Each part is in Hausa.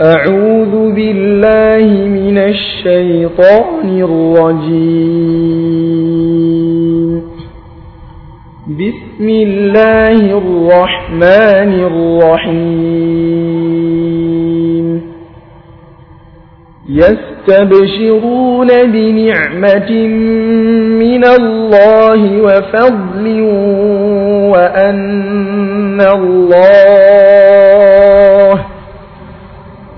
أعوذ بالله من الشيطان الرجيم بسم الله الرحمن الرحيم يستبشرون بنعمة من الله وفضل وأن الله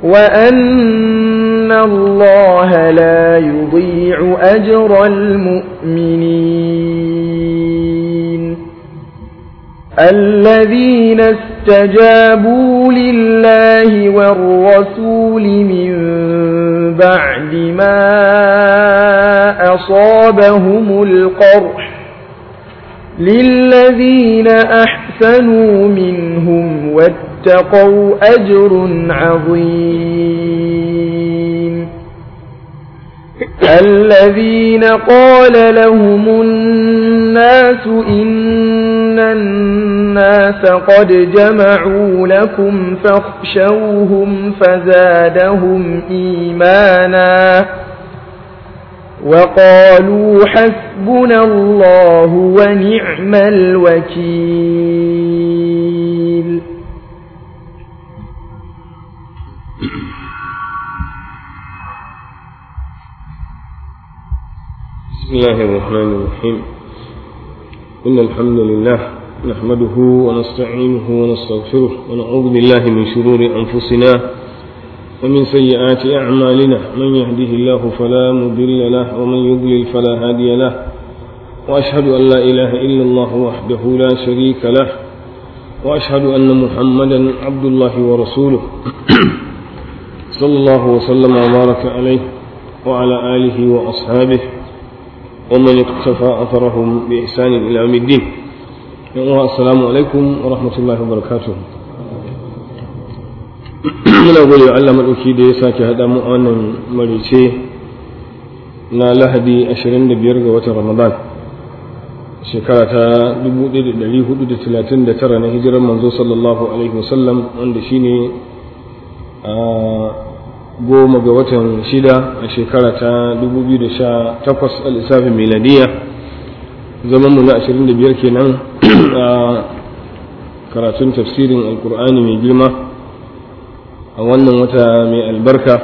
وأن الله لا يضيع أجر المؤمنين الذين استجابوا لله والرسول من بعد ما أصابهم القرح للذين أحسنوا منهم واتقوا أجر عظيم الذين قال لهم الناس إن الناس قد جمعوا لكم فاخشوهم فزادهم إيماناً وقالوا حسبنا الله ونعم الوكيل بسم الله الرحمن الرحيم إن الحمد لله نحمده ونستعينه ونستغفره ونعوذ بالله من شرور أنفسنا ومن سيئات أعمالنا من يهده الله فلا مضل له ومن يضلل فلا هادي له وأشهد أن لا إله إلا الله وحده لا شريك له وأشهد أن محمدا عبد الله ورسوله صلى الله وسلم وبارك عليه وعلى آله وأصحابه ومن اقتفى أثرهم بإحسان إلى يوم الدين السلام عليكم ورحمة الله وبركاته muna gode wa Allah maɗauki da ya sake haɗa mu a wannan marice na lahadi 25 ga watan ramadan shekara ta 1439 na hijirar manzo sallallahu alaihi wasallam wanda shi ne a goma ga watan shida a shekara ta 2018 a lissafin zaman mu na 25 kenan a karatun tafsirin alkur'ani mai girma a wannan wata mai albarka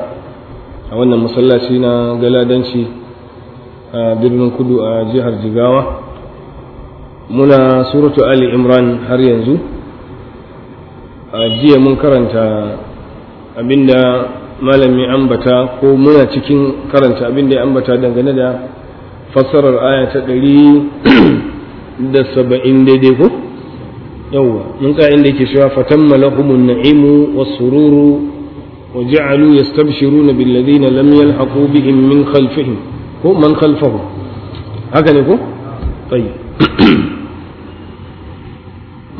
a wannan masallaci na galadanci a birnin kudu a jihar jigawa muna suratu ali imran har yanzu a jiya mun karanta abinda malami ambata ko muna cikin karanta abinda ya ambata dangane da fassarar aya ta ɗari da daidai ko يوا من قاعد لك شوى فتم لهم النعيم والسرور وجعلوا يستبشرون بالذين لم يلحقوا بهم من خلفهم هو من خلفهم هكذا يقول طيب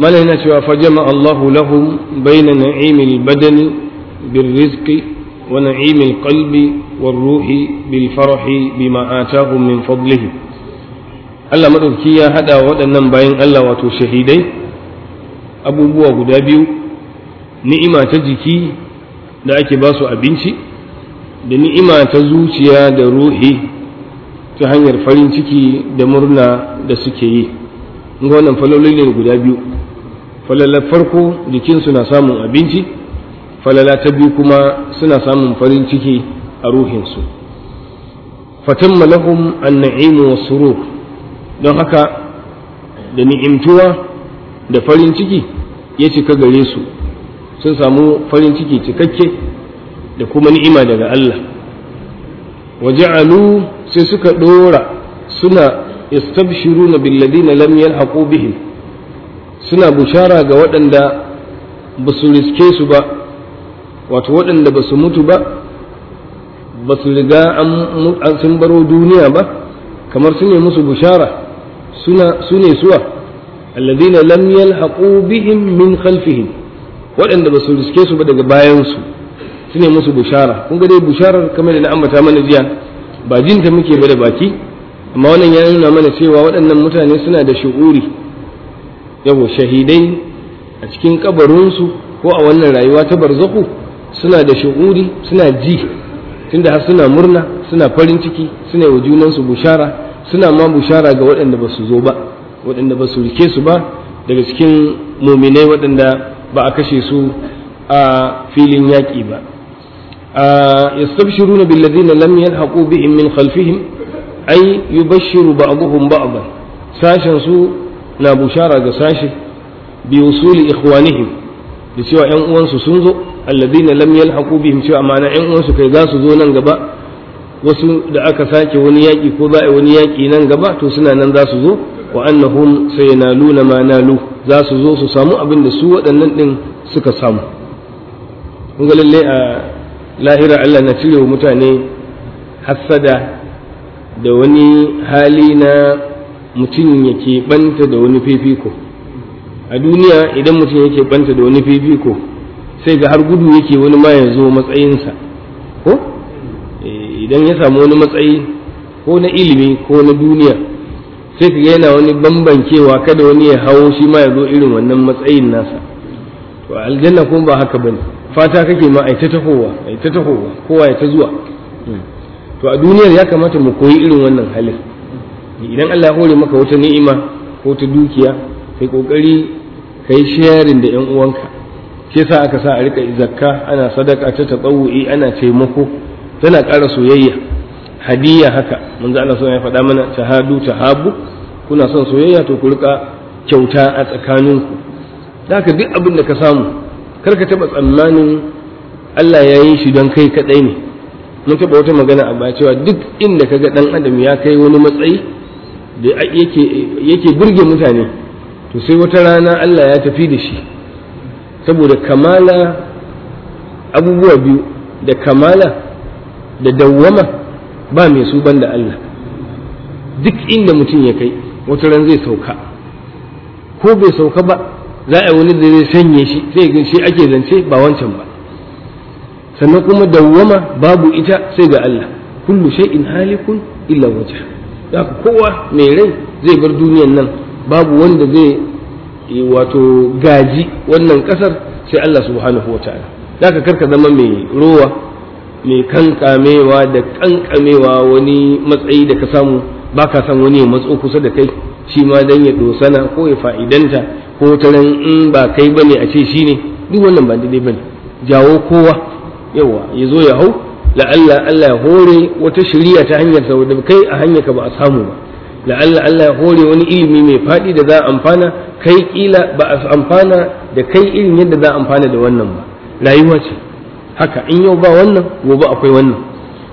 ما لهنا شوا فجمع الله لهم بين نعيم البدن بالرزق ونعيم القلب والروح بالفرح بما آتاهم من فضله ألا الله مدركية هذا ودنا بين الله وتشهدين abubuwa guda biyu ni'ima ta jiki da ake ba su abinci da ni'ima ta zuciya da ruhi ta hanyar farin ciki da murna da suke yi wannan falolin ne guda biyu falalar farko jikinsu na samun abinci falala ta biyu kuma suna samun farin ciki a ruhinsu fatan lahum an-na'imu don haka da ni'imtuwa da farin ciki ya cika gare su sun samu farin ciki cikakke da kuma ni'ima daga Allah waja'alu sai suka dora suna istabshiruna billadina lam yalhaqu bihim suna bushara ga waɗanda ba su riske su ba wato waɗanda ba su mutu ba ba su riga an sun baro duniya ba kamar su ne musu bushara suna su ne suwa alladhina lam yalhaqu bihim min khalfihim waɗanda ba su riske su ba daga bayan su ne musu bushara kun dai busharar kamar da na ambata mana jiya ba jinta muke ba da baki amma wannan ya nuna mana cewa waɗannan mutane suna da shu'uri yawo shahidai a cikin ƙabarunsu ko a wannan rayuwa ta barzaku suna da shu'uri suna ji tunda har suna murna suna farin ciki suna yi wa junansu bushara suna ma bushara ga waɗanda ba su zo ba waɗanda ba su rike su ba daga cikin muminai waɗanda ba a kashe su a filin yaƙi ba yastabshiruna billadhina lam yalhaqu bihim min khalfihim ay yubashshiru ba'dhum ba'dhan sashen su na bushara ga sashi bi usuli ikhwanihim da cewa ƴan uwansu sun zo alladhina lam yalhaqu bihim cewa ma'ana ƴan uwansu kai za su zo nan gaba wasu da aka sake wani yaƙi ko za a wani yaƙi nan gaba to suna nan za su zo wa annahum sayanaluna ma nalu za su zo su samu abin da su waɗannan ɗin suka samu kun ga lalle a lahira Allah na cire mutane hassada da wani hali na mutum yake banta da wani fifiko a duniya idan mutum yake banta da wani fifiko sai ga har gudu yake wani ma ya zo matsayinsa ko eh, idan ya samu wani matsayi ko na ilimi ko na duniya sai ka yana wani bambancewa kada wani ya hawo shi ma ya zo irin wannan matsayin nasa to aljanna kuma ba haka bane fata kake ma ai ta tahowa ai ta tahowa kowa ya ta zuwa to a duniyar ya kamata mu koyi irin wannan halin idan Allah ya hore maka wata ni'ima ko ta dukiya kai kokari kai sharein da yan uwanka ke sa aka sa a rika zakka ana sadaka ta tabawu'i ana taimako tana ƙara soyayya hadiya haka mun Allah sun ya faɗa mana tahadu tahabu kuna son soyayya to ku rika kyauta a tsakaninku haka duk abin da ka samu kar ka taɓa tsammanin Allah ya yi shi don kai kaɗai ne mun taba wata magana a baya cewa duk inda ka ga dan adam ya kai wani matsayi da yake yake burge mutane to sai wata rana Allah ya tafi da shi saboda kamala abubuwa biyu da kamala da dawwama ba mai su da Allah duk inda mutum ya kai wata ran zai sauka ko bai sauka ba za a yi wani da zai sanye shi sai ga shi ake zance ba wancan ba sannan kuma dawwama babu ita sai ga Allah kullu shay'in halikun illa wajh Da kowa mai rai zai bar duniyan nan babu wanda zai e, wato gaji wannan kasar sai Allah subhanahu wataala zaka karka zama mai rowa mai kankamewa da kankamewa wani matsayi da ka samu ba ka san wani matso kusa da kai shi ma dan ya dosana ko ya fa'idanta ko taran in ba kai bane a ce shine duk wannan ba daidai bane jawo kowa yawa ya zo ya hau la'alla Allah ya hore wata shiriya ta hanyar sa da kai a hanyar ka ba a samu ba la'alla Allah ya hore wani ilimi mai fadi da za a amfana kai kila ba a amfana da kai irin yadda za a amfana da wannan ba rayuwa ce haka in yau ba wannan gobe akwai wannan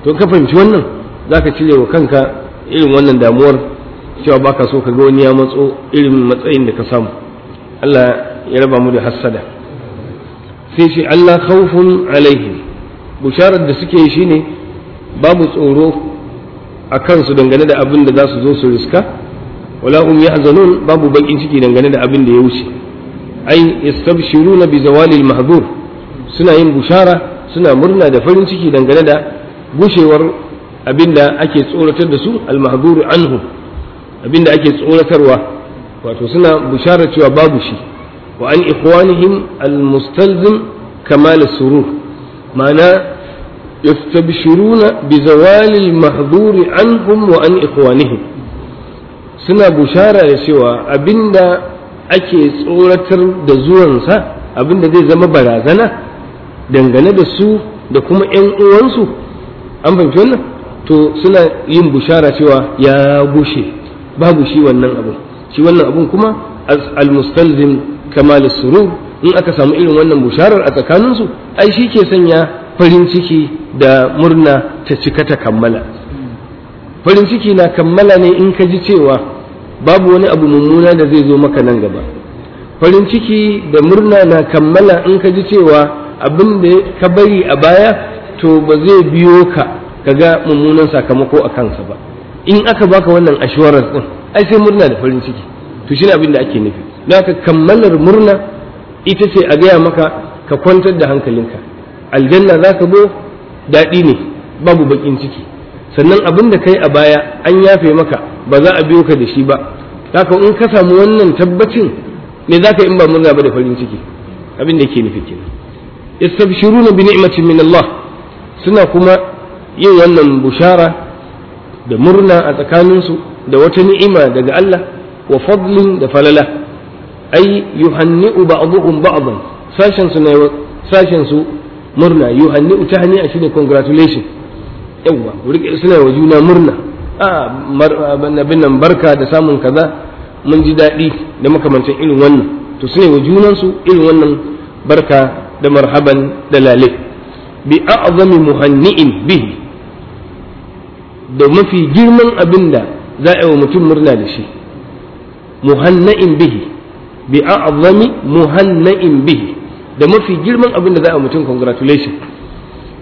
to ka fahimci wannan za ka cire wa kanka irin wannan damuwar cewa ba ka so ka ga wani ya matso irin matsayin da ka samu Allah ya raba mu da hassada sai shi Allah khawfun alaihim busharar da suke yi shine babu tsoro a kansu dangane da abin da za su zo su riska wala hum yahzanun babu bakin ciki dangane da abin da ya wuce ai yastabshiruna bi zawalil mahdhur suna yin bushara suna murna da farin ciki dangane da gushewar abinda ake tsoratar da su almahduru anhu abinda ake tsoratarwa wato suna bisharar cewa babu shi wa an ikhwanihim almustalzim kamal surur ma'ana yastabshiruna bi zawali almahduri anhum wa an ikhwanihim suna bushara da cewa abinda ake tsoratar da zuwansa abinda zai zama barazana dangane da su da kuma ‘yan uwansu an fahimci wannan to suna yin bushara cewa ya gushe babu shi wannan abun shi wannan abun kuma al-mustalzim kamal suru in aka samu irin wannan busharar a tsakaninsu ai shi ke sanya farin ciki da murna ta cika ta kammala farin ciki na kammala ne in ka ji cewa babu wani abu mummuna da zai zo maka nan gaba farin ciki da murna na kammala in ka ji cewa abin da ka bari a baya to ba zai biyo ka ka ga mummunan sakamako a kansa ba in aka baka wannan assurance din ai sai murna da farin ciki to shine abin da ake nufi don haka kammalar murna ita ce a gaya maka ka kwantar da hankalinka aljanna za ka bo daɗi ne babu baƙin ciki sannan abin da kai a baya an yafe maka ba za a biyo ka da shi ba haka in ka samu wannan tabbacin me za ka in ba murna ba da farin ciki abin da ke nufi kenan yastabshiruna bi ni'matin min Allah suna kuma yin wannan bushara da murna a tsakaninsu da wata ni'ima daga Allah wa fadlin da falala ay yuhanni'u ba'dhum ba'dhan sashen su ne sashen su murna yuhanni'u tahni'a shine congratulation yawa suna wa juna murna a bin nan barka da samun kaza mun ji daɗi da makamantan irin wannan to suna wa su irin wannan barka da marhaban da lale bi a'zami muhanni'in bihi da mafi girman abin da za a yi wa mutum murna da shi muhanna'in bihi bi a'zami muhanna'in bihi da mafi girman abin da za a mutum congratulation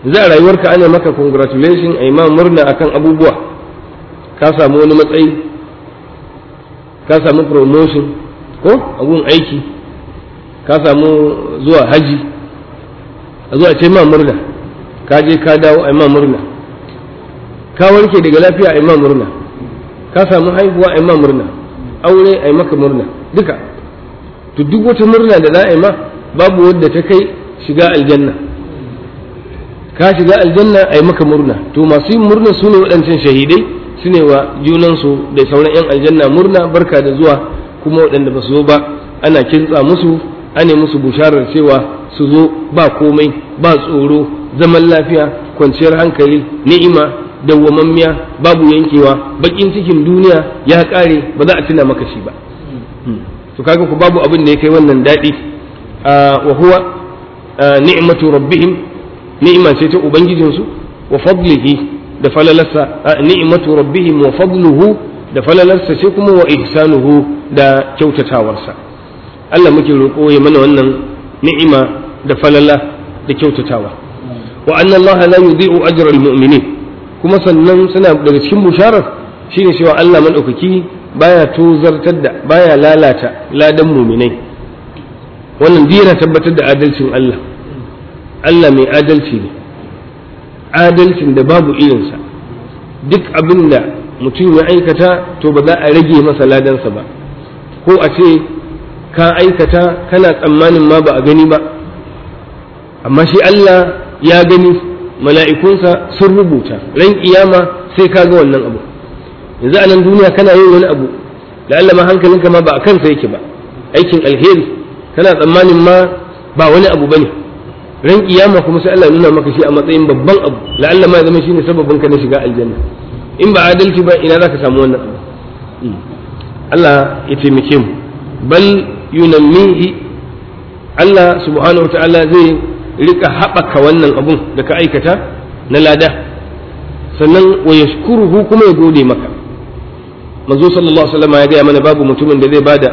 za a rayuwarka ana maka congratulation a yi ma murna akan abubuwa ka samu wani matsayi ka samu promotion ko abun aiki ka samu zuwa haji a zuwa ce ma murna ka je ka dawo a ma murna ka warke daga lafiya a ma murna ka samu haihuwa a ma murna aure a maka murna duka to duk wata murna da za a ma babu wadda ta kai shiga aljanna ka shiga aljanna a maka murna to masu yin murna su ne waɗancan shahidai su ne wa junansu da sauran 'yan aljanna murna barka da zuwa kuma waɗanda ba su zo ba ana kintsa musu ane musu busharar cewa su zo ba komai ba tsoro zaman lafiya kwanciyar hankali ni'ima dawwamammiya babu yankewa bakin cikin duniya ya kare ba za a tuna maka shi ba hmm. to kaga ku babu abin da ya kai wannan daɗi wa huwa ni'matu rabbihim ni'ma ce ta su wa fadlihi da falalarsa ni'matu rabbihim wa fadluhu da falalarsa ce kuma wa ihsanuhu da kyautatawarsa Allah muke roƙo ya mana wannan ni'ima da falala da kyautatawa wa anna Allah la yudhi'u ajra al kuma sannan suna daga cikin busharar shine cewa Allah madaukaki baya tozartar da baya lalata ladan mu'minai wannan dina tabbatar da adalcin Allah Allah mai adalci ne adalcin da babu irinsa duk abin da mutum ya aikata to ba za a rage masa ladansa ba ko a ce ka aikata kana tsammanin ma ba a gani ba amma shi Allah ya gani mala'ikunsa sun rubuta ran kiyama sai ka ga wannan abu yanzu a nan duniya kana yin wani abu da Allah ma hankalinka ma ba a kansa yake ba aikin alheri kana tsammanin ma ba wani abu bane ran kiyama kuma sai Allah nuna maka shi a matsayin babban abu la Allah ma ya zama shine sababin ka na shiga aljanna in ba adalci ba ina zaka samu wannan abu hmm. Allah ya taimake mu bal yunammihi Allah subhanahu wa ta'ala zai rika haɓaka wannan abun da ka aikata na lada sannan wa yashkuruhu kuma ya gode maka manzo sallallahu alaihi wasallam ya gaya mana babu mutumin da zai bada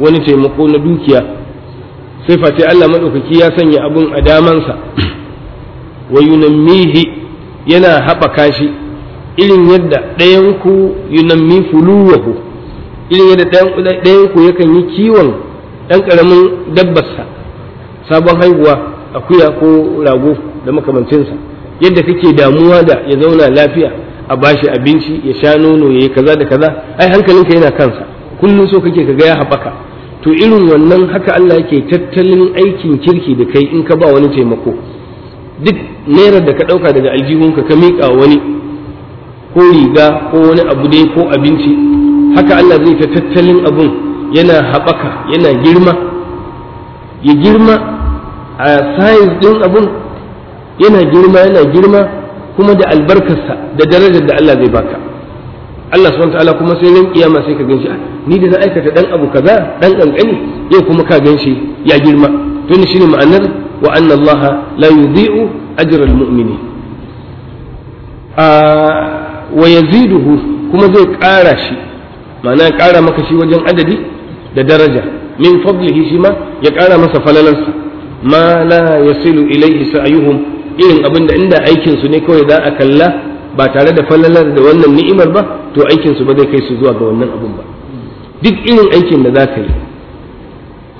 wani taimako na dukiya sai face Allah madaukaki ya sanya abun a damansa wa yunammihi yana haɓaka shi irin yadda ɗayanku yunammi fuluwahu irin yadda ɗayanku yakan yi kiwon ɗan ƙaramin dabbarsa sabon haihuwa akuya ko rago da makamancinsa yadda kake damuwa da ya zauna lafiya a bashi abinci ya sha nono ya yi kaza da kaza ai hankalinka yana kansa kullum so kake ka ga ya haɓaka to irin wannan haka Allah yake tattalin aikin kirki da kai in ka ba wani taimako duk naira da ka ɗauka daga aljihunka ka miƙa wani ko riga ko wani abu dai ko abinci haka Allah zai ta tattalin abun yana haɓaka yana girma ya girma a science ɗin abun yana girma yana girma kuma da albarkarsa da darajar da Allah zai baka Allah subhanahu ta'ala kuma sai ran kiyama sai ka ganshi ni da na aikata dan abu kaza dan kankani yau kuma ka ganshi ya girma tun shine ma'anar wa anna Allah la yudhi'u ajra al-mu'minin a wa yaziduhu kuma zai ƙara shi ma'ana ƙara maka shi wajen adadi da daraja min fadlihi shi ma ya ƙara masa falalarsa ma la yasilu ilaihi sa'yuhum irin abin da inda aikin su ne kawai za a kalla ba tare da falalar da wannan ni'imar ba to aikin su ba zai kai su zuwa ga wannan abin ba duk irin aikin da za ka yi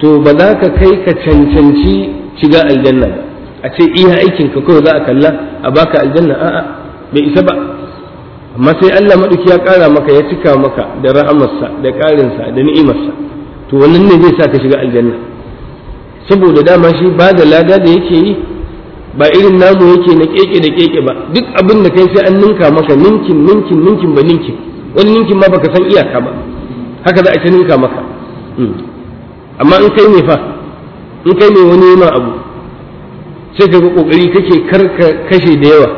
to ba za ka kai ka cancanci shiga aljanna ba a ce iya aikin ka kawai za a kalla a baka aljanna a'a bai isa ba amma sai Allah maɗuki ya ƙara maka ya cika maka da rahamarsa da ƙarinsa da ni'imarsa to wannan ne zai sa ka shiga aljanna saboda dama shi ba da lada da yake yi ba irin namu yake na keke da keke ba duk abin da kai sai an ninka maka ninkin ninkin ninkin ba ninkin wani ninkin ma baka san iyaka ba haka za a ce ninka maka hmm. amma in kai ne fa in kai ne wani yana abu sai ka ga kokari kake karka kashe da yawa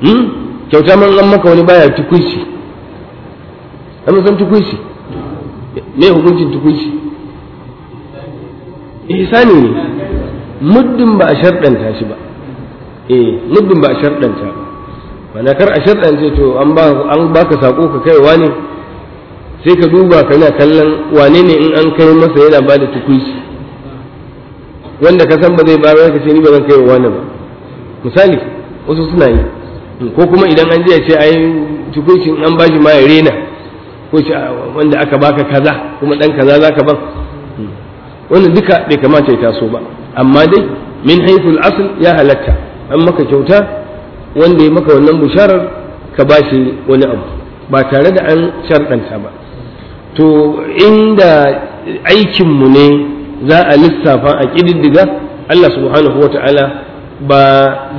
hmm. kyauta man an maka wani baya tukunci an san tukunci me hukuncin tukunci ihsani ne muddin ba a sharɗanta shi ba eh muddin ba a sharɗanta ba mana kar a sharɗance to an ba an baka sako ka kai ne sai ka duba kana kallon wane ne in an kai masa yana ba da tukunci wanda ka san ba zai ba ka ce ni ba zan kai wani ba misali wasu suna yi ko kuma idan an je a ce ai tukuncin an ba shi ma ya rena ko ce ah, wanda aka baka kaza kuma dan kaza zaka bar wannan duka bai kamata ya taso ba amma dai min haythul asl ya halatta an maka kyauta wanda ya maka wannan busharar ka bashi wani abu ba tare da an sharɗanta ba to inda aikinmu ne za a lissafa a ƙididdiga Allah subhanahu ta'ala ba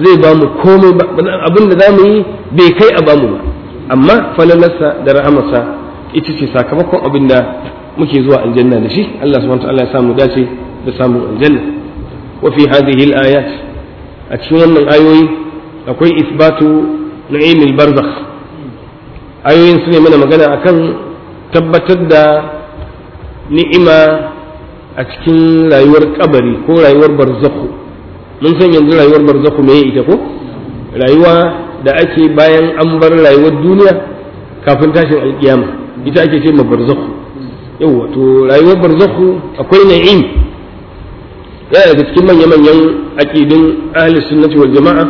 zai ba mu komai ba abin da za mu yi bai kai a ba mu ba amma falalarsa da rahamarsa ita ce sakamakon abin da muke zuwa aljanna da shi Allah subhanahu wataala ya samu dace da samun aljanna wa fi hadhihi al-ayat a cikin wannan ayoyi akwai isbatu na'imil barzakh ayoyin su ne mana magana akan tabbatar da ni'ima a cikin rayuwar kabari ko rayuwar barzakhu mun san yanzu rayuwar barzakhu me ita ko rayuwa da ake bayan an bar rayuwar duniya kafin tashin alkiyama ita ake ce ma barzakhu yawa to rayuwar barzakhu akwai na'im yana daga cikin manya-manyan aƙidin ahli sunnati wal jama'a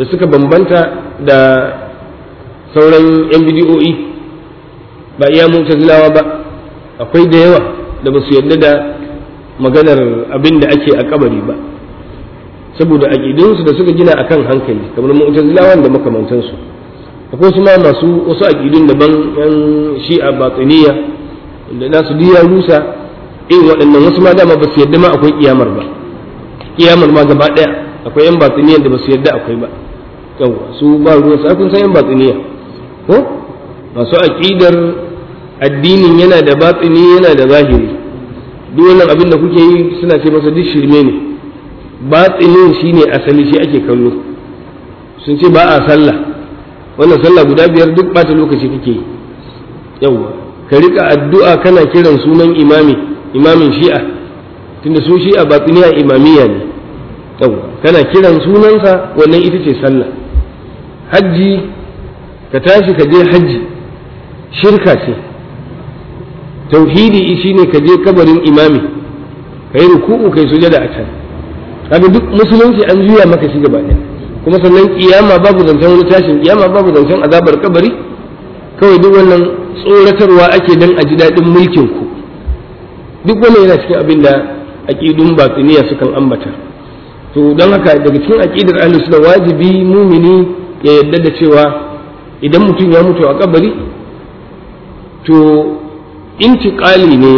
da suka bambanta da sauran yan ba iya mutazilawa ba akwai da yawa da ba su yarda da maganar abin da ake a kabari ba saboda aƙidinsu da suka gina akan hankali kamar mu'tazilawan da makamantansu akwai su ma masu wasu aƙidun daban yan shi'a batiniya da nasu diya rusa irin waɗannan wasu ma dama ba su yadda ma akwai kiyamar ba kiyamar ma gaba ɗaya akwai yan batiniya da ba su yadda akwai ba yawa su ba ruwa sa kun san yan batiniya ko masu aƙidar addinin yana da batini yana da zahiri duk wannan abin da kuke yi suna ce masa duk shirme ne batsinin shine asali shi ake kallo sun ce ba a sallah wannan sallah guda biyar duk bata lokaci kake yi ka rika addu'a kana kiran sunan imami imamin shi'a tunda su shi'a batiniya imamiyya ne yawwa kana kiran sunansa wannan ita ce sallah hajji ka tashi ka je hajji shirka ce tauhidi shi ne ka je kabarin imami ka yi ruku'u kai sujada a can kaga duk musulunci an juya maka shi gaba ɗaya kuma sannan kiyama babu zancen wani tashin kiyama babu zancen azabar kabari kawai duk wannan tsoratarwa ake dan a ji daɗin mulkin ku duk wannan yana cikin abin da aqidun batiniya sukan ambata to don haka daga cikin aqidar ahlus sunna wajibi mumini ya yadda da cewa idan mutum ya mutu a kabari to intiqali ne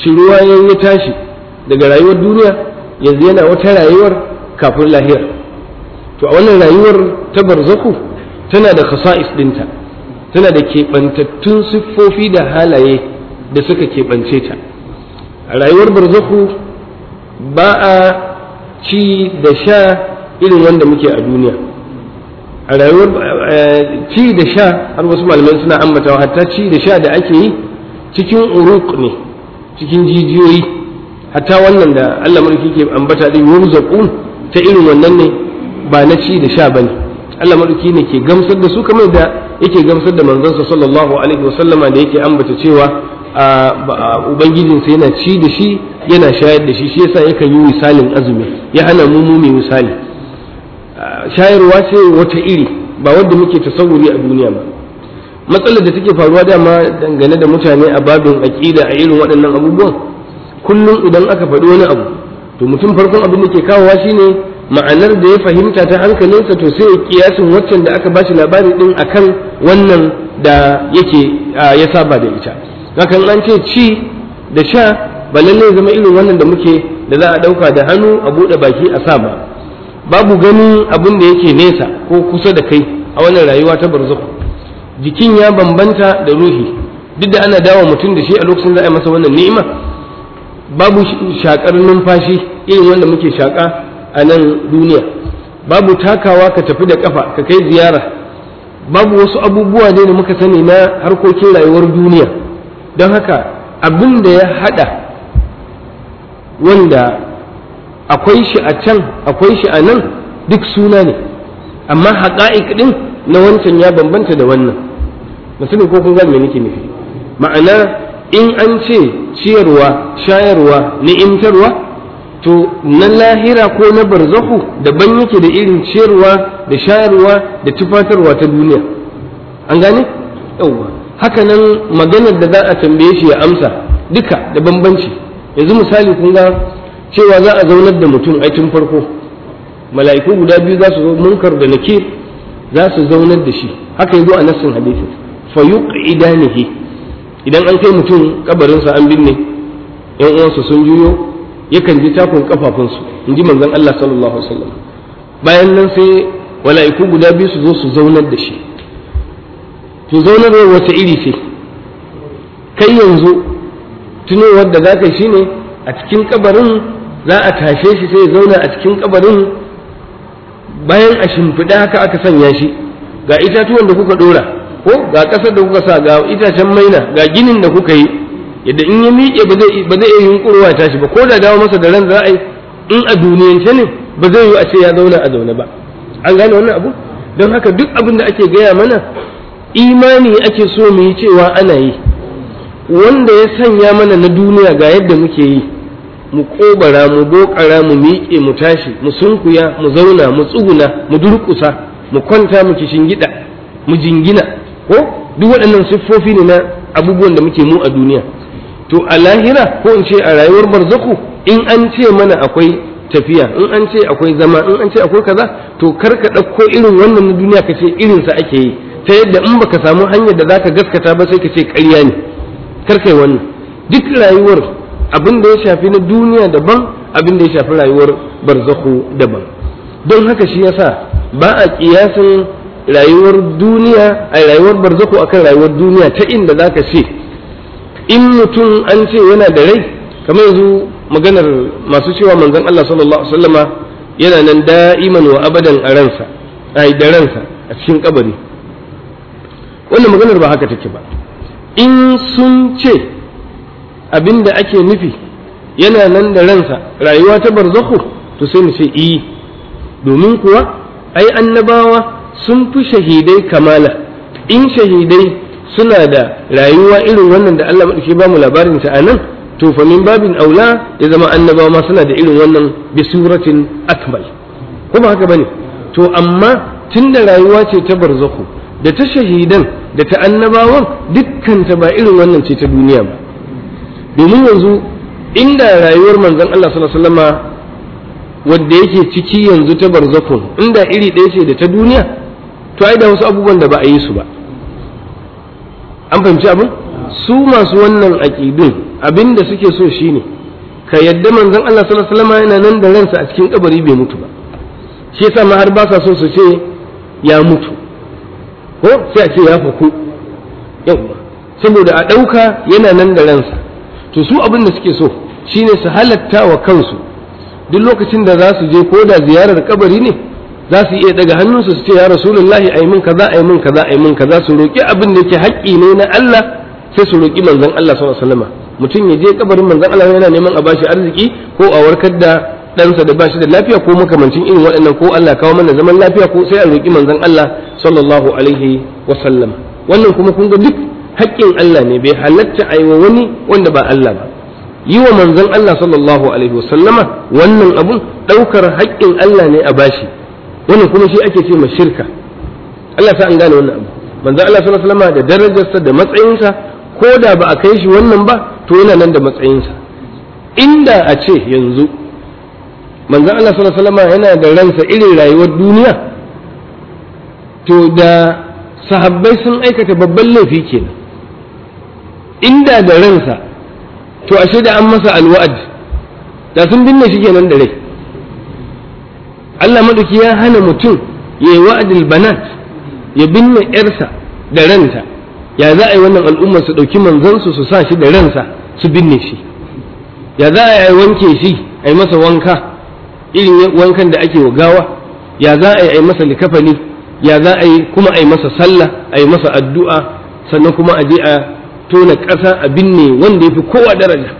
ciruwa ya tashi daga rayuwar duniya yanzu yana wata rayuwar kafin lahiyar to a wannan rayuwar ta barzaku tana da khasa'is ɗinta tana da keɓantattun siffofi da halaye da suka keɓance ta a rayuwar barzaku ba a ci da sha irin wanda muke a duniya a rayuwar eh, ci da sha har wasu malamai suna ambatawa hatta ci da sha da ake yi cikin uruk ne cikin jijiyoyi hatta wannan da Allah mulki ke ambata din yurzaqun ta irin wannan ne ba na ci da sha bane Allah madauki ne ke gamsar da su kamar da yake gamsar da manzon sa sallallahu alaihi wasallama da yake ambata cewa ubangijin sa yana ci da shi yana shayar da shi shi yasa yaka yi misalin azumi ya hana mu mu mai misali shayarwa ce wata iri ba wanda muke tasawuri a duniya ba matsalar da take faruwa dama dangane da mutane a babin aƙida a irin waɗannan abubuwan kullum idan aka faɗi wani abu to mutum farkon abin da ke kawowa shine ma'anar da ya fahimta ta hankalinsa to sai ya kiyasin waccan da aka bashi labari din akan wannan da yake ya saba da ita hakan an ce ci da sha ba lallai zama irin wannan da muke da za a ɗauka da hannu a buɗe baki a sa ba babu ganin abin da yake nesa ko kusa da kai a wannan rayuwa ta barzaku jikin ya bambanta da ruhi duk da ana dawo mutum da shi a lokacin za a yi masa wannan ni'ima babu shakar numfashi irin wanda muke shaka a nan duniya babu takawa ka tafi da kafa ka kai ziyara babu wasu abubuwa ne da muka sani na harkokin rayuwar duniya don haka abin da ya hada wanda akwai shi a can akwai shi a nan duk suna ne amma haƙa'iƙ ɗin na wancan ya bambanta da wannan musulun ko kun gane nake nufi ma'ana in an ce ciyarwa shayarwa ni'imtarwa to na lahira ko na barzahu daban yake da irin ciyarwa da shayarwa da tufatarwa ta duniya an gane yauwa haka nan maganar da za a tambaye shi ya amsa duka da bambanci yanzu misali kun ga cewa za a zaunar da mutum aikin tun farko mala'iku guda biyu za su zo munkar da nake za su zaunar da shi haka yanzu a nassin hadisi fa yuqidanihi idan an kai mutum kabarinsa an binne yan uwansa sun juyo yakan ji tafin kafafunsu in ji manzon Allah sallallahu alaihi wasallam bayan nan sai walaiku guda biyu su zo su zaunar da shi to zaunar da wata iri ce kai yanzu za ka zaka shine a cikin kabarin za a tashe shi sai ya zauna a cikin kabarin bayan a shimfiɗa haka aka sanya shi ga itatuwan da kuka ɗora ko ga ƙasar da kuka sa ga itacen maina ga ginin da kuka yi yadda in ya miƙe ba zai iya yunƙurwa ta shi tashi ba ko da dawo masa da ran za a yi in a duniyance ne ba zai yi a ce ya zauna a zaune ba an gane wannan abu don haka duk abin da ake gaya mana imani ake so mu yi cewa ana yi wanda ya sanya mana na duniya ga yadda muke yi mu ƙobara, mu bokara mu miƙe mu tashi mu sunkuya mu zauna mu tsuguna mu durƙusa mu kwanta mu kishingida mu jingina ko duk waɗannan siffofi ne na abubuwan da muke mu a duniya to a lahira ko in ce a rayuwar barzaku in an ce mana akwai tafiya in an ce akwai zama in an ce akwai kaza to kar ka ɗauko irin wannan na duniya ka ce irinsa ake yi ta yadda in baka samu hanyar da ka gaskata ba sai ka ce ƙarya ne kar kai wannan duk rayuwar abin da ya shafi na duniya daban abin da ya shafi rayuwar barzaku daban don haka shi yasa ba a kiyasin rayuwar duniya a rayuwar barzaku akan rayuwar duniya ta inda zaka ce in mutum an ce yana da rai kamar yanzu maganar masu cewa manzon Allah sallallahu alaihi wasallama yana nan da'iman wa abadan a ransa ai da ransa a cikin kabari wannan maganar ba haka take ba in sun ce abinda ake nufi yana nan da ransa rayuwa ta barzakhu to sai mu ce eh domin kuwa ai annabawa sun fi shahidai kamala in shahidai suna da rayuwa irin wannan da Allah madauki ba mu labarin ta anan to fa min babin aula ya zama annabawa ma suna da irin wannan bi suratin akmal ko ba haka bane to amma tunda rayuwa ce ta barzaku da ta shahidan da ta annabawan dukkan ta ba irin wannan ce ta duniya ba domin yanzu inda rayuwar manzon Allah sallallahu alaihi wasallama wanda yake ciki yanzu ta barzakun inda iri ɗaya ce da ta duniya to ai da wasu abubuwan da ba a yi su ba an fahimci abin su masu wannan aƙidun abin da suke so shine ka yadda manzon Allah sallallahu alaihi wasallam yana nan da ransa a cikin kabari bai mutu ba shi yasa ma har ba sa so su ce ya mutu ko sai a ce ya fuku yawa saboda a ɗauka yana nan da ransa to su abin da suke so shine su halatta wa kansu duk lokacin da za su je ko da ziyarar kabari ne za su iya daga hannunsu su ce ya rasulullahi ai mun kaza ai mun kaza ai mun kaza su roki abin da yake haƙƙi ne na Allah sai su roki manzon Allah sallallahu alaihi wasallam mutum ya je kabarin manzon Allah yana neman a bashi arziki ko a warkar da ɗansa da bashi da lafiya ko makamancin irin waɗannan ko Allah kawo mana zaman lafiya ko sai a roki manzon Allah sallallahu alaihi wasallam wannan kuma kun ga duk haƙƙin Allah ne bai halatta a wa wani wanda ba Allah ba yi wa manzon Allah sallallahu alaihi wasallama wannan abun ɗaukar haƙƙin Allah ne a bashi wannan kuma shi ake ce ma shirka Allah sa an gane wannan abu manzo Allah sallallahu alaihi wasallam da darajarsa da matsayinsa ko da ba a kai shi wannan ba to yana nan da matsayinsa inda a ce yanzu manzo Allah sallallahu alaihi wasallam yana da ransa irin rayuwar duniya to da sahabbai sun aikata babban laifi kenan inda da ransa to ashe da an masa alwa'ad da sun binne shi kenan da rai Allah maɗauki ya hana mutum ya yi wa'adin banat ya binne ‘yarsa da ransa, ya za a yi wannan al'ummar su ɗauki manzansu su sa shi da ransa su binne shi ya za a yi wanke shi a yi masa wanka irin wankan da ake wa gawa ya za a yi masa likafani ya za a yi kuma a yi masa sallah a yi masa addu'a sannan kuma a je a tona ƙasa a binne wanda ya fi kowa daraja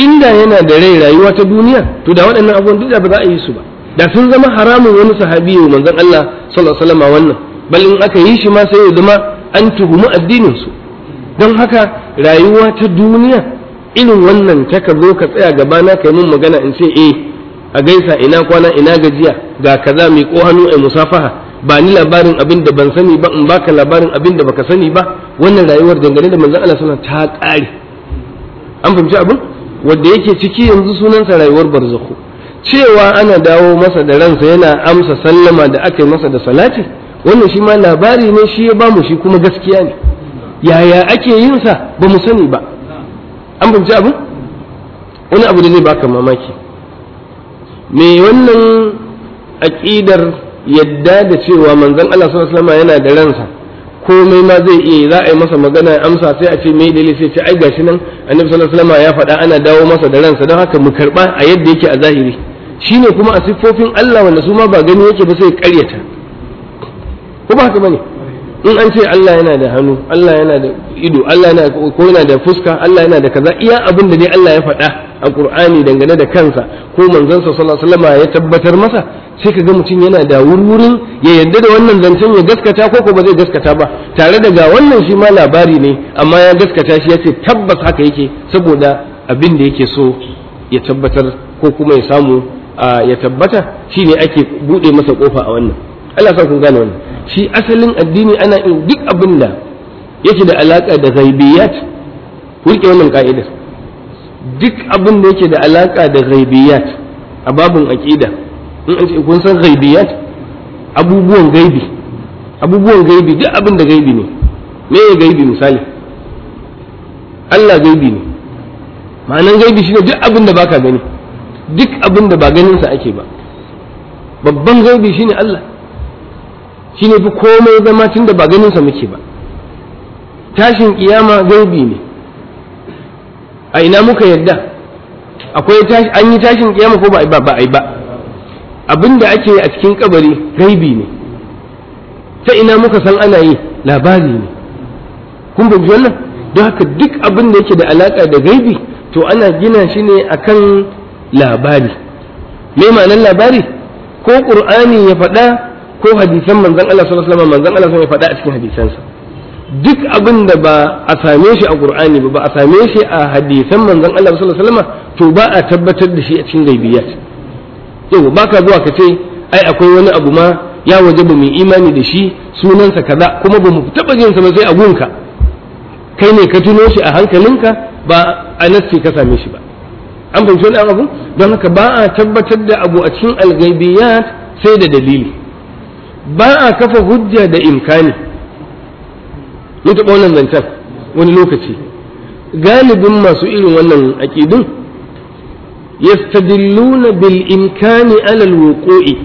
inda yana da rai rayuwa ta duniya to da waɗannan abubuwan duk da ba za a yi su ba da sun zama haramun wani sahabi yau manzon Allah sallallahu alaihi wannan bal in aka yi shi ma sai ya zama an tuhumi addinin su don haka rayuwa ta duniya irin wannan ta ka zo ka tsaya gaba na kai mun magana in ce eh a gaisa ina kwana ina gajiya ga kaza mai ko hannu ai musafaha ba ni labarin abin da ban sani ba in baka labarin abin da baka sani ba wannan rayuwar dangane da manzon Allah sallallahu alaihi ta ƙare an fahimci abin wanda yake ciki yanzu sunansa rayuwar barzakhu cewa ana dawo masa da ransa yana amsa sallama da aka yi masa da salati wannan shi ma labari ne shi ya bamu shi kuma gaskiya ne yaya ake yin sa ba mu sani ba an fahimci abu wani abu da zai baka mamaki me wannan aƙidar yadda da cewa manzon Allah sallallahu alaihi yana da ransa komai ma zai iya za a yi masa magana amsa sai a ce me dalili sai ce ai gashi nan annabi sallallahu alaihi wasallam ya faɗa ana dawo masa da ransa don haka mu karba a yadda yake a zahiri Shi ne kuma a siffofin Allah wanda su ma ba gani yake ba sai ƙaryata ko ba haka bane in an ce Allah yana da hannu Allah yana da ido Allah yana ko yana da fuska Allah yana da kaza iya abin da ne Allah ya faɗa a Qur'ani dangane da kansa ko manzon sa sallallahu alaihi wasallam ya tabbatar masa sai ka ga mutum yana da wurwurin ya yarda da wannan zancen ya gaskata ko ko ba zai gaskata ba tare da ga wannan shi ma labari ne amma ya gaskata shi ya ce tabbas haka yake saboda abin da yake so ya tabbatar ko kuma ya samu ya tabbata shi ne ake bude masa kofa a wannan Allah sa kun gane wannan shi asalin addini ana in duk abin da yake da alaka da ghaibiyat rike wannan ka'idar duk abin da yake da alaka da ghaibiyat a babun aqida in an ce kun san ghaibiyat abubuwan gaibi abubuwan gaibi duk abin da gaibi ne me ya gaibi misali Allah gaibi ne ma'anan gaibi shine duk abin da baka gani duk abin da ba ganinsa ake ba babban gaibi shine Allah shine fi komai zama tun da ba ganinsa muke ba tashin kiyama gaibi ne a ina muka yadda akwai an yi tashin kiyama ko ba ba ai ba abin da ake a cikin kabari gaibi ne ta ina muka san ana yi labari ne kun fahimci wannan don haka duk abin da yake da alaka da gaibi to ana gina shi ne akan labari me ma'anar labari ko qur'ani ya faɗa ko hadisan manzon Allah sallallahu alaihi wasallam manzon Allah ya faɗa a cikin hadisansa duk abin da ba a same shi a qur'ani ba ba a same shi a hadisan manzon Allah sallallahu alaihi wasallam to ba a tabbatar da shi a cikin gaibiyat yau baka zuwa ka ce ai akwai wani abu ma ya waje ba mu imani da shi sunansa kaza kuma ba mu taba jin sa ba sai a gunka kai ne ka tuno shi a hankalinka ba a nasi ka same shi ba an fahimci wani abu don haka ba a tabbatar da abu a cikin algaibiyat sai da dalili ba a kafa hujja da imkani mun taɓa wannan zancen wani lokaci galibin masu irin wannan aƙidun yastadilluna bil imkani ala alwuqu'i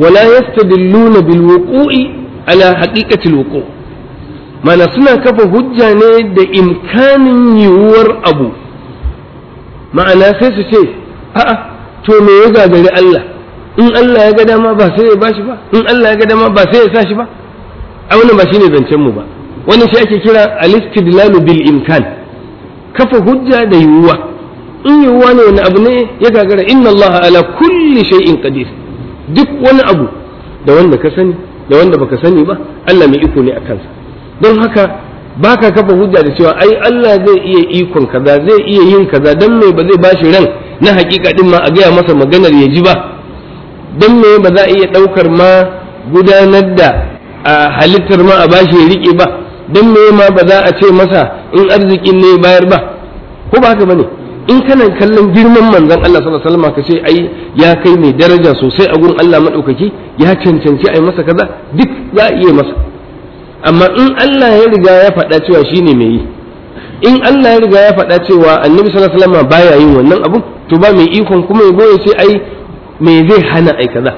wala yastadilluna bil wuqu'i ala haqiqati alwuqu' mana suna kafa hujja ne da imkanin yiwuwar abu ma'ana sai su ce a'a to me ya gagari Allah in Allah ya ga dama ba sai ya bashi ba in Allah ya ga dama ba sai ya sa shi ba a wannan ba shine zancen mu ba wani shi ake kira al-istidlalu bil imkan kafa hujja da yiwuwa in yiwuwa ne wani abu ne ya gagara inna Allah ala kulli shay'in qadir duk wani abu da wanda ka sani da wanda baka sani ba Allah mai iko ne a kansa don haka ba ka kafa hujja da cewa ai Allah zai iya ikon kaza zai iya yin kaza dan me ba zai bashi ran na hakika din ma a gaya masa maganar ya ji ba dan me ba za a iya daukar ma gudanar da halittar ma a bashi ya rike ba dan me ma ba za a ce masa in arzikin ne bayar ba ko ba haka bane in kana kallon girman manzon Allah sallallahu alaihi wasallam ka ce ai ya kai mai daraja sosai a gurin Allah madaukaki ya cancanci ai masa kaza duk za a iya masa amma in Allah ya riga ya faɗa cewa shi ne mai yi in Allah ya riga ya faɗa cewa annabi sallallahu alaihi baya yin wannan abu to ba mai ikon kuma ya goye sai ai me zai hana ai kaza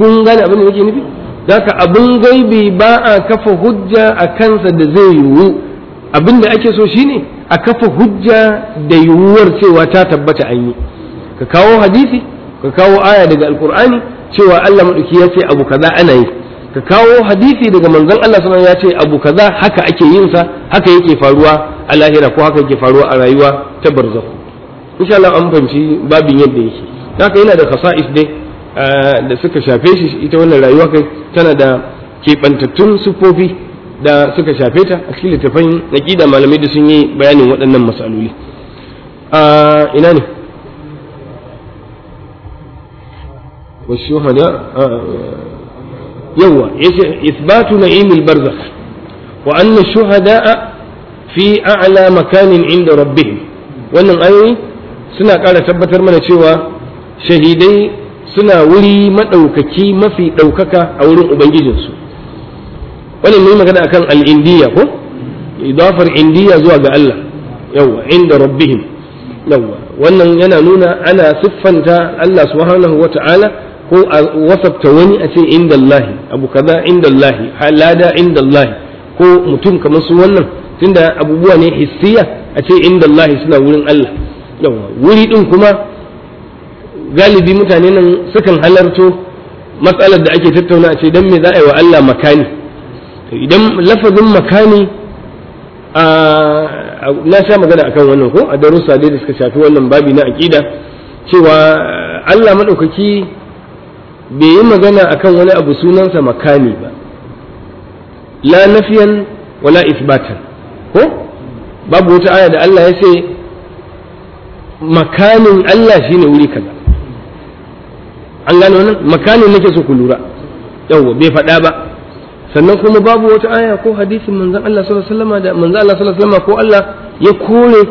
kun gane abin da nake nufi zaka abin gaibi ba a kafa hujja a kansa da zai yiwu abin da ake so shine a kafa hujja da yiwuwar cewa ta tabbata an yi ka kawo hadisi ka kawo aya daga alkur'ani cewa Allah madauki ya ce abu kaza ana yi ka kawo hadisi daga manzon Allah sallallahu ya ce abu kaza haka ake yin sa haka yake faruwa a lahira ko haka yake faruwa a rayuwa ta barzakh insha Allah an fahimci babin yadda yake haka yana da khasa'is dai da suka shafe shi ita wannan rayuwa kai tana da keɓantattun sufofi da suka shafe ta a cikin littafin aqida malamai da sun yi bayanin waɗannan masaloli ina ne Wasu والشهداء يوا إثبات نعيم البرزخ وأن الشهداء في أعلى مكان عند ربهم وأن الآية سنة قال ثبت من شوى شهيدي سنة ولي ما أوككي ما في أوكك أو رؤ بنجيجنسو وأن المهم كذا كان أكان الإندية إضافة الإندية زواج الله يوا عند ربهم يوا وأن أنا نونا أنا الله سبحانه وتعالى ko a wasafta wani a ce inda Allahi abu kaza inda Allahi halada inda Allahi ko mutum kamar su wannan tunda abubuwa ne hissiya a ce inda Allahi suna wurin Allah yawa wuri din kuma galibi mutane nan sukan halarto matsalar da ake tattauna a ce dan me za a yi wa Allah makani idan lafazin makani a na sha magana akan wannan ko a darussa dai da suka shafi wannan babi na aqida cewa Allah madaukaki bai yi magana a kan wani abu sunansa makami ba la nafiyan wala isbatan ko babu wata aya da Allah ya ce makamin Allah shi ne wuri kaza an gano wannan makamin nake so ku lura yawwa bai faɗa ba sannan kuma babu wata aya ko hadisin manzon Allah sallallahu alaihi wasallam da manzon Allah sallallahu alaihi wasallam ko Allah ya kore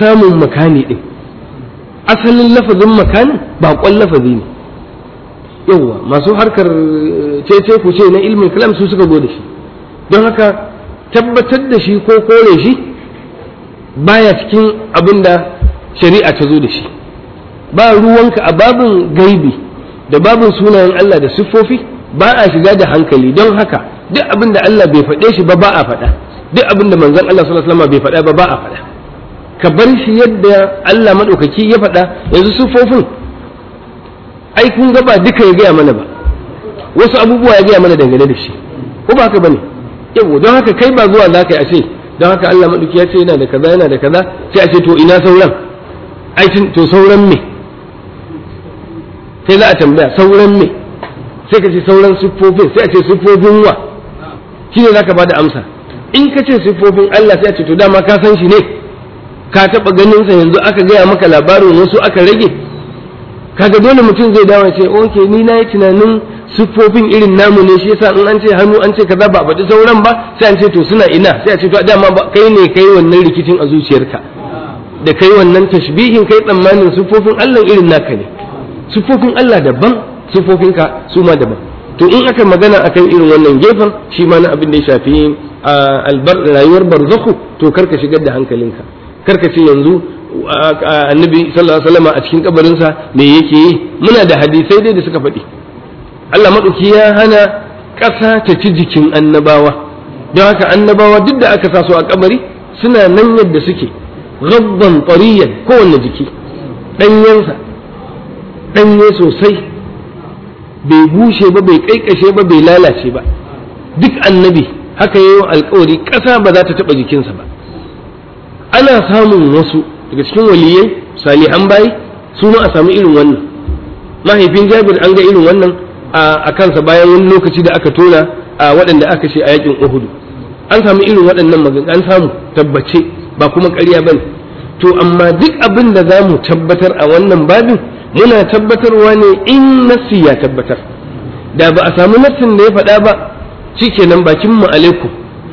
samun makani din asalin lafazin makamin ba ƙwan lafazi ne yawwa masu harkar eh, cece ku ce na ilmin kalam su suka gode shi don haka tabbatar da shi ko kore shi baya cikin abin da shari'a ta zo da shi ba ruwanka a babin gaibi da babin sunayen Allah da siffofi ba a shiga da hankali don haka duk abin da Allah bai faɗe shi ba ba a faɗa duk abin da manzon Allah sallallahu bai faɗa ba ba a faɗa ka bar shi yadda Allah madaukaki ya faɗa yanzu siffofin ai kun ga ba duka ya gaya mana ba wasu abubuwa ya gaya mana dangane da shi ko ba haka bane yau don haka kai ba zuwa za ka yi a ce don haka Allah maduki ya ce yana da kaza yana da kaza sai a ce to ina sauran ai to sauran me sai za a tambaya sauran me sai ka ce sauran siffofin sai a ce siffofin wa shi ne za ka ba da amsa in ka ce siffofin Allah sai a ce to dama ka san shi ne ka taɓa ganinsa yanzu aka gaya maka labarin wasu aka rage kaga dole mutum zai dawo ce oke ni na yi tunanin siffofin irin namu ne shi yasa in an ce hannu an ce kaza ba baɗi sauran ba sai an ce to suna ina sai a ce to dama ba kai ne kai wannan rikicin a zuciyarka da kai wannan tashbihin kai tsammanin siffofin Allah irin naka ne siffofin Allah daban ka su ma daban to in aka magana akan irin wannan gefen shi ma na abin da ya shafi ah, rayuwar barzakhu to karka shigar da hankalinka karka ce yanzu annabi sallallahu alaihi wasallam a cikin kabarinsa me yake yi muna da hadisai dai da suka faɗi Allah maɗauki ya hana ƙasa ta ci jikin annabawa don haka annabawa duk da aka sa su a kabari suna nan yadda suke rabban ko wanne jiki ɗanyensa ɗanye sosai bai bushe ba bai ƙaiƙashe ba bai lalace ba duk annabi haka yayin alƙawari ƙasa ba za ta taɓa jikinsa ba ana samun wasu daga cikin waliyai an bayi su ma a samu irin wannan mahaifin jabir an ga irin wannan a kansa bayan wani lokaci da aka tona a waɗanda aka ce a yakin uhudu an samu irin waɗannan magan an samu tabbace ba kuma ƙarya ba ne. to amma duk abin da za mu tabbatar a wannan babin muna tabbatarwa ne in nassi ya tabbatar da ba a samu nassin da ya faɗa ba shikenan bakin mu alaikum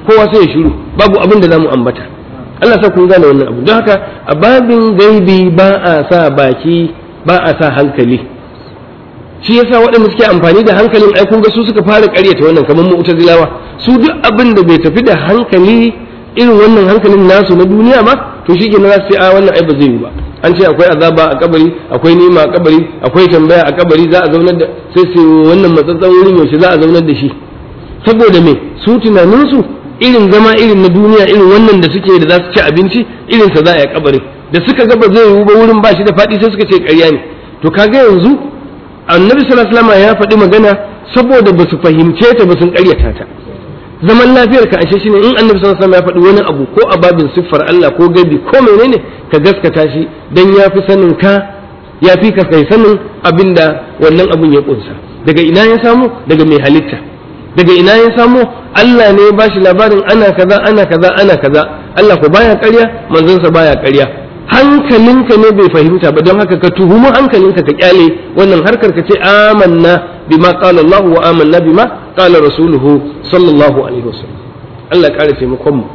kowa sai ya shiru babu abin da za mu ambata Allah sa kun gane wannan abu don haka a babin gaibi ba a sa baki ba a sa hankali shi yasa waɗanda suke amfani da hankalin ai kun ga su suka fara ƙaryata wannan kamar mu'tazilawa su duk abin da bai tafi da hankali irin wannan hankalin nasu na duniya ma to shi ke na sai a wannan ai ba zai yi ba an ce akwai azaba a kabari akwai nima a kabari akwai tambaya a kabari za a zaunar da sai sai wannan matsatsan wurin yaushe za a zaunar da shi saboda me su tunaninsu irin zama irin na duniya irin wannan da suke da za su ci abinci irin sa za a yi kabarin da suka ga ba zai yiwu ba wurin ba shi da faɗi sai suka ce ƙarya ne to kaga yanzu annabi sallallahu alaihi wasallam ya faɗi magana saboda ba su fahimce ta ba sun ƙaryata ta zaman lafiyar ka ashe shine in annabi sallallahu alaihi wasallam ya faɗi wani abu ko a babin siffar Allah ko gabi ko menene ka gaskata shi dan ya fi sanin ka ya fi ka kai sanin abinda wannan abun ya kunsa daga ina ya samu daga mai halitta daga ina ya samo Allah ne ya bashi labarin ana kaza ana kaza ana kaza Allah ko baya ƙarya manzonsa baya ƙarya hankalinka ne bai fahimta ba don haka ka tuhumi hankalinka ka kyale wannan harkar ka ce amanna bima qala Allah wa amanna bima qala rasuluhu sallallahu alaihi wasallam Allah ƙara taimakon mu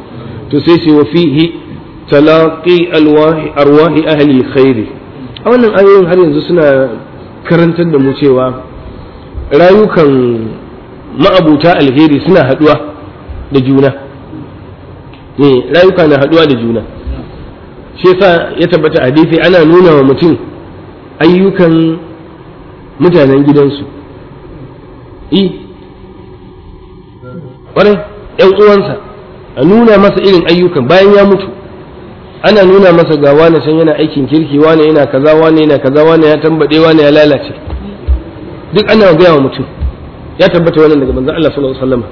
to sai sai wa fihi talaqi alwahi arwahi ahli khairi a wannan ayoyin har yanzu suna karantar da mu cewa rayukan ma'abuta alheri suna haduwa da juna ne eh, rayuka na haduwa da juna shi yasa ya tabbata hadisi ana nuna wa mutum ayyukan mutanen gidansu i e, ƙwarai ‘yan uwansa a nuna masa irin ayyukan bayan ya mutu ana nuna masa ga wane can yana aikin kirki wane yana kaza wane yana kaza wane ya tambaɗe wane ya lalace duk ana gaya wa mutum ya tabbata wannan daga manzon Allah sallallahu alaihi wasallam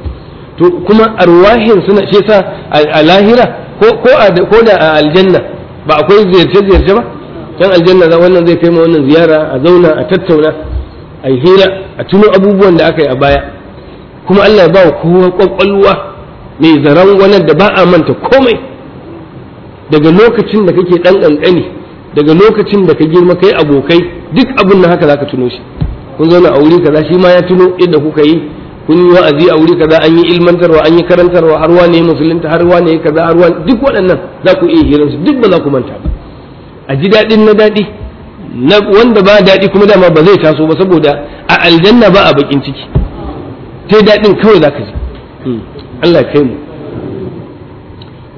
to kuma arwahin suna shi yasa a lahira ko ko da a aljanna ba akwai ziyarce ziyarce ba dan aljanna za wannan zai kai wannan ziyara a zauna a tattauna a hira a tuno abubuwan da aka yi a baya kuma Allah ya ba wa kowa kwakwalwa mai zaran da ba a manta komai daga lokacin da kake dan kankani daga lokacin da ka girma kai abokai duk abun nan haka zaka tuno shi kun zauna a wuri kaza shi ma ya tuno yadda kuka yi kun yi wa'azi a wuri kaza an yi ilmantarwa an yi karantarwa har ne musulunta har ne kaza har duk waɗannan za ku iya hiransu duk ba za ku manta ba a ji daɗin na daɗi na wanda ba daɗi kuma dama ba zai taso ba saboda a aljanna ba a bakin ciki sai daɗin kawai za ka ji hmm. Allah kai mu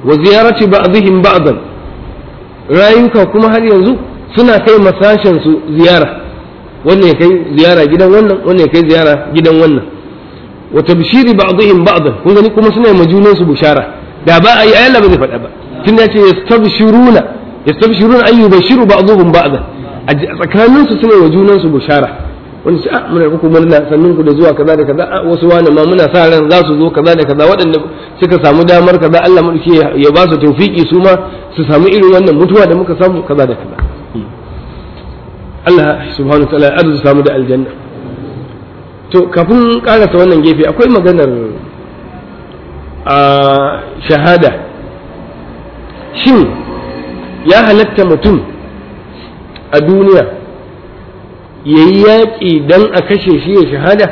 wa ziyarati ba'dihim ba'dan rayuka kuma har yanzu suna kai masashen su ziyara wannan ya kai ziyara gidan wannan wannan ya kai ziyara gidan wannan wa tabshiri ba'dihim ba'dan kun gani kuma suna ma junan su bushara da ba a yi ayalla ba zai faɗa ba tun ya ce yastabshiruna yastabshiruna ay yubashiru ba'dhum ba'dan a tsakanin su suna ma junan su bushara wani ce ah muna muku murna sannin ku da zuwa kaza da kaza ah, wasu wani ma muna sa ran za su zo kaza da kaza waɗanda suka samu damar kaza Allah madauki ya ba su tawfiki su ma su samu irin wannan mutuwa da muka samu kaza da kaza Allah subhanahu wa ta'ala ya arzuta mu da aljanna to kafin karasa wannan gefe akwai maganar a shahada shin ya halatta mutum a duniya ya yi yaƙi don a kashe shi ya shahada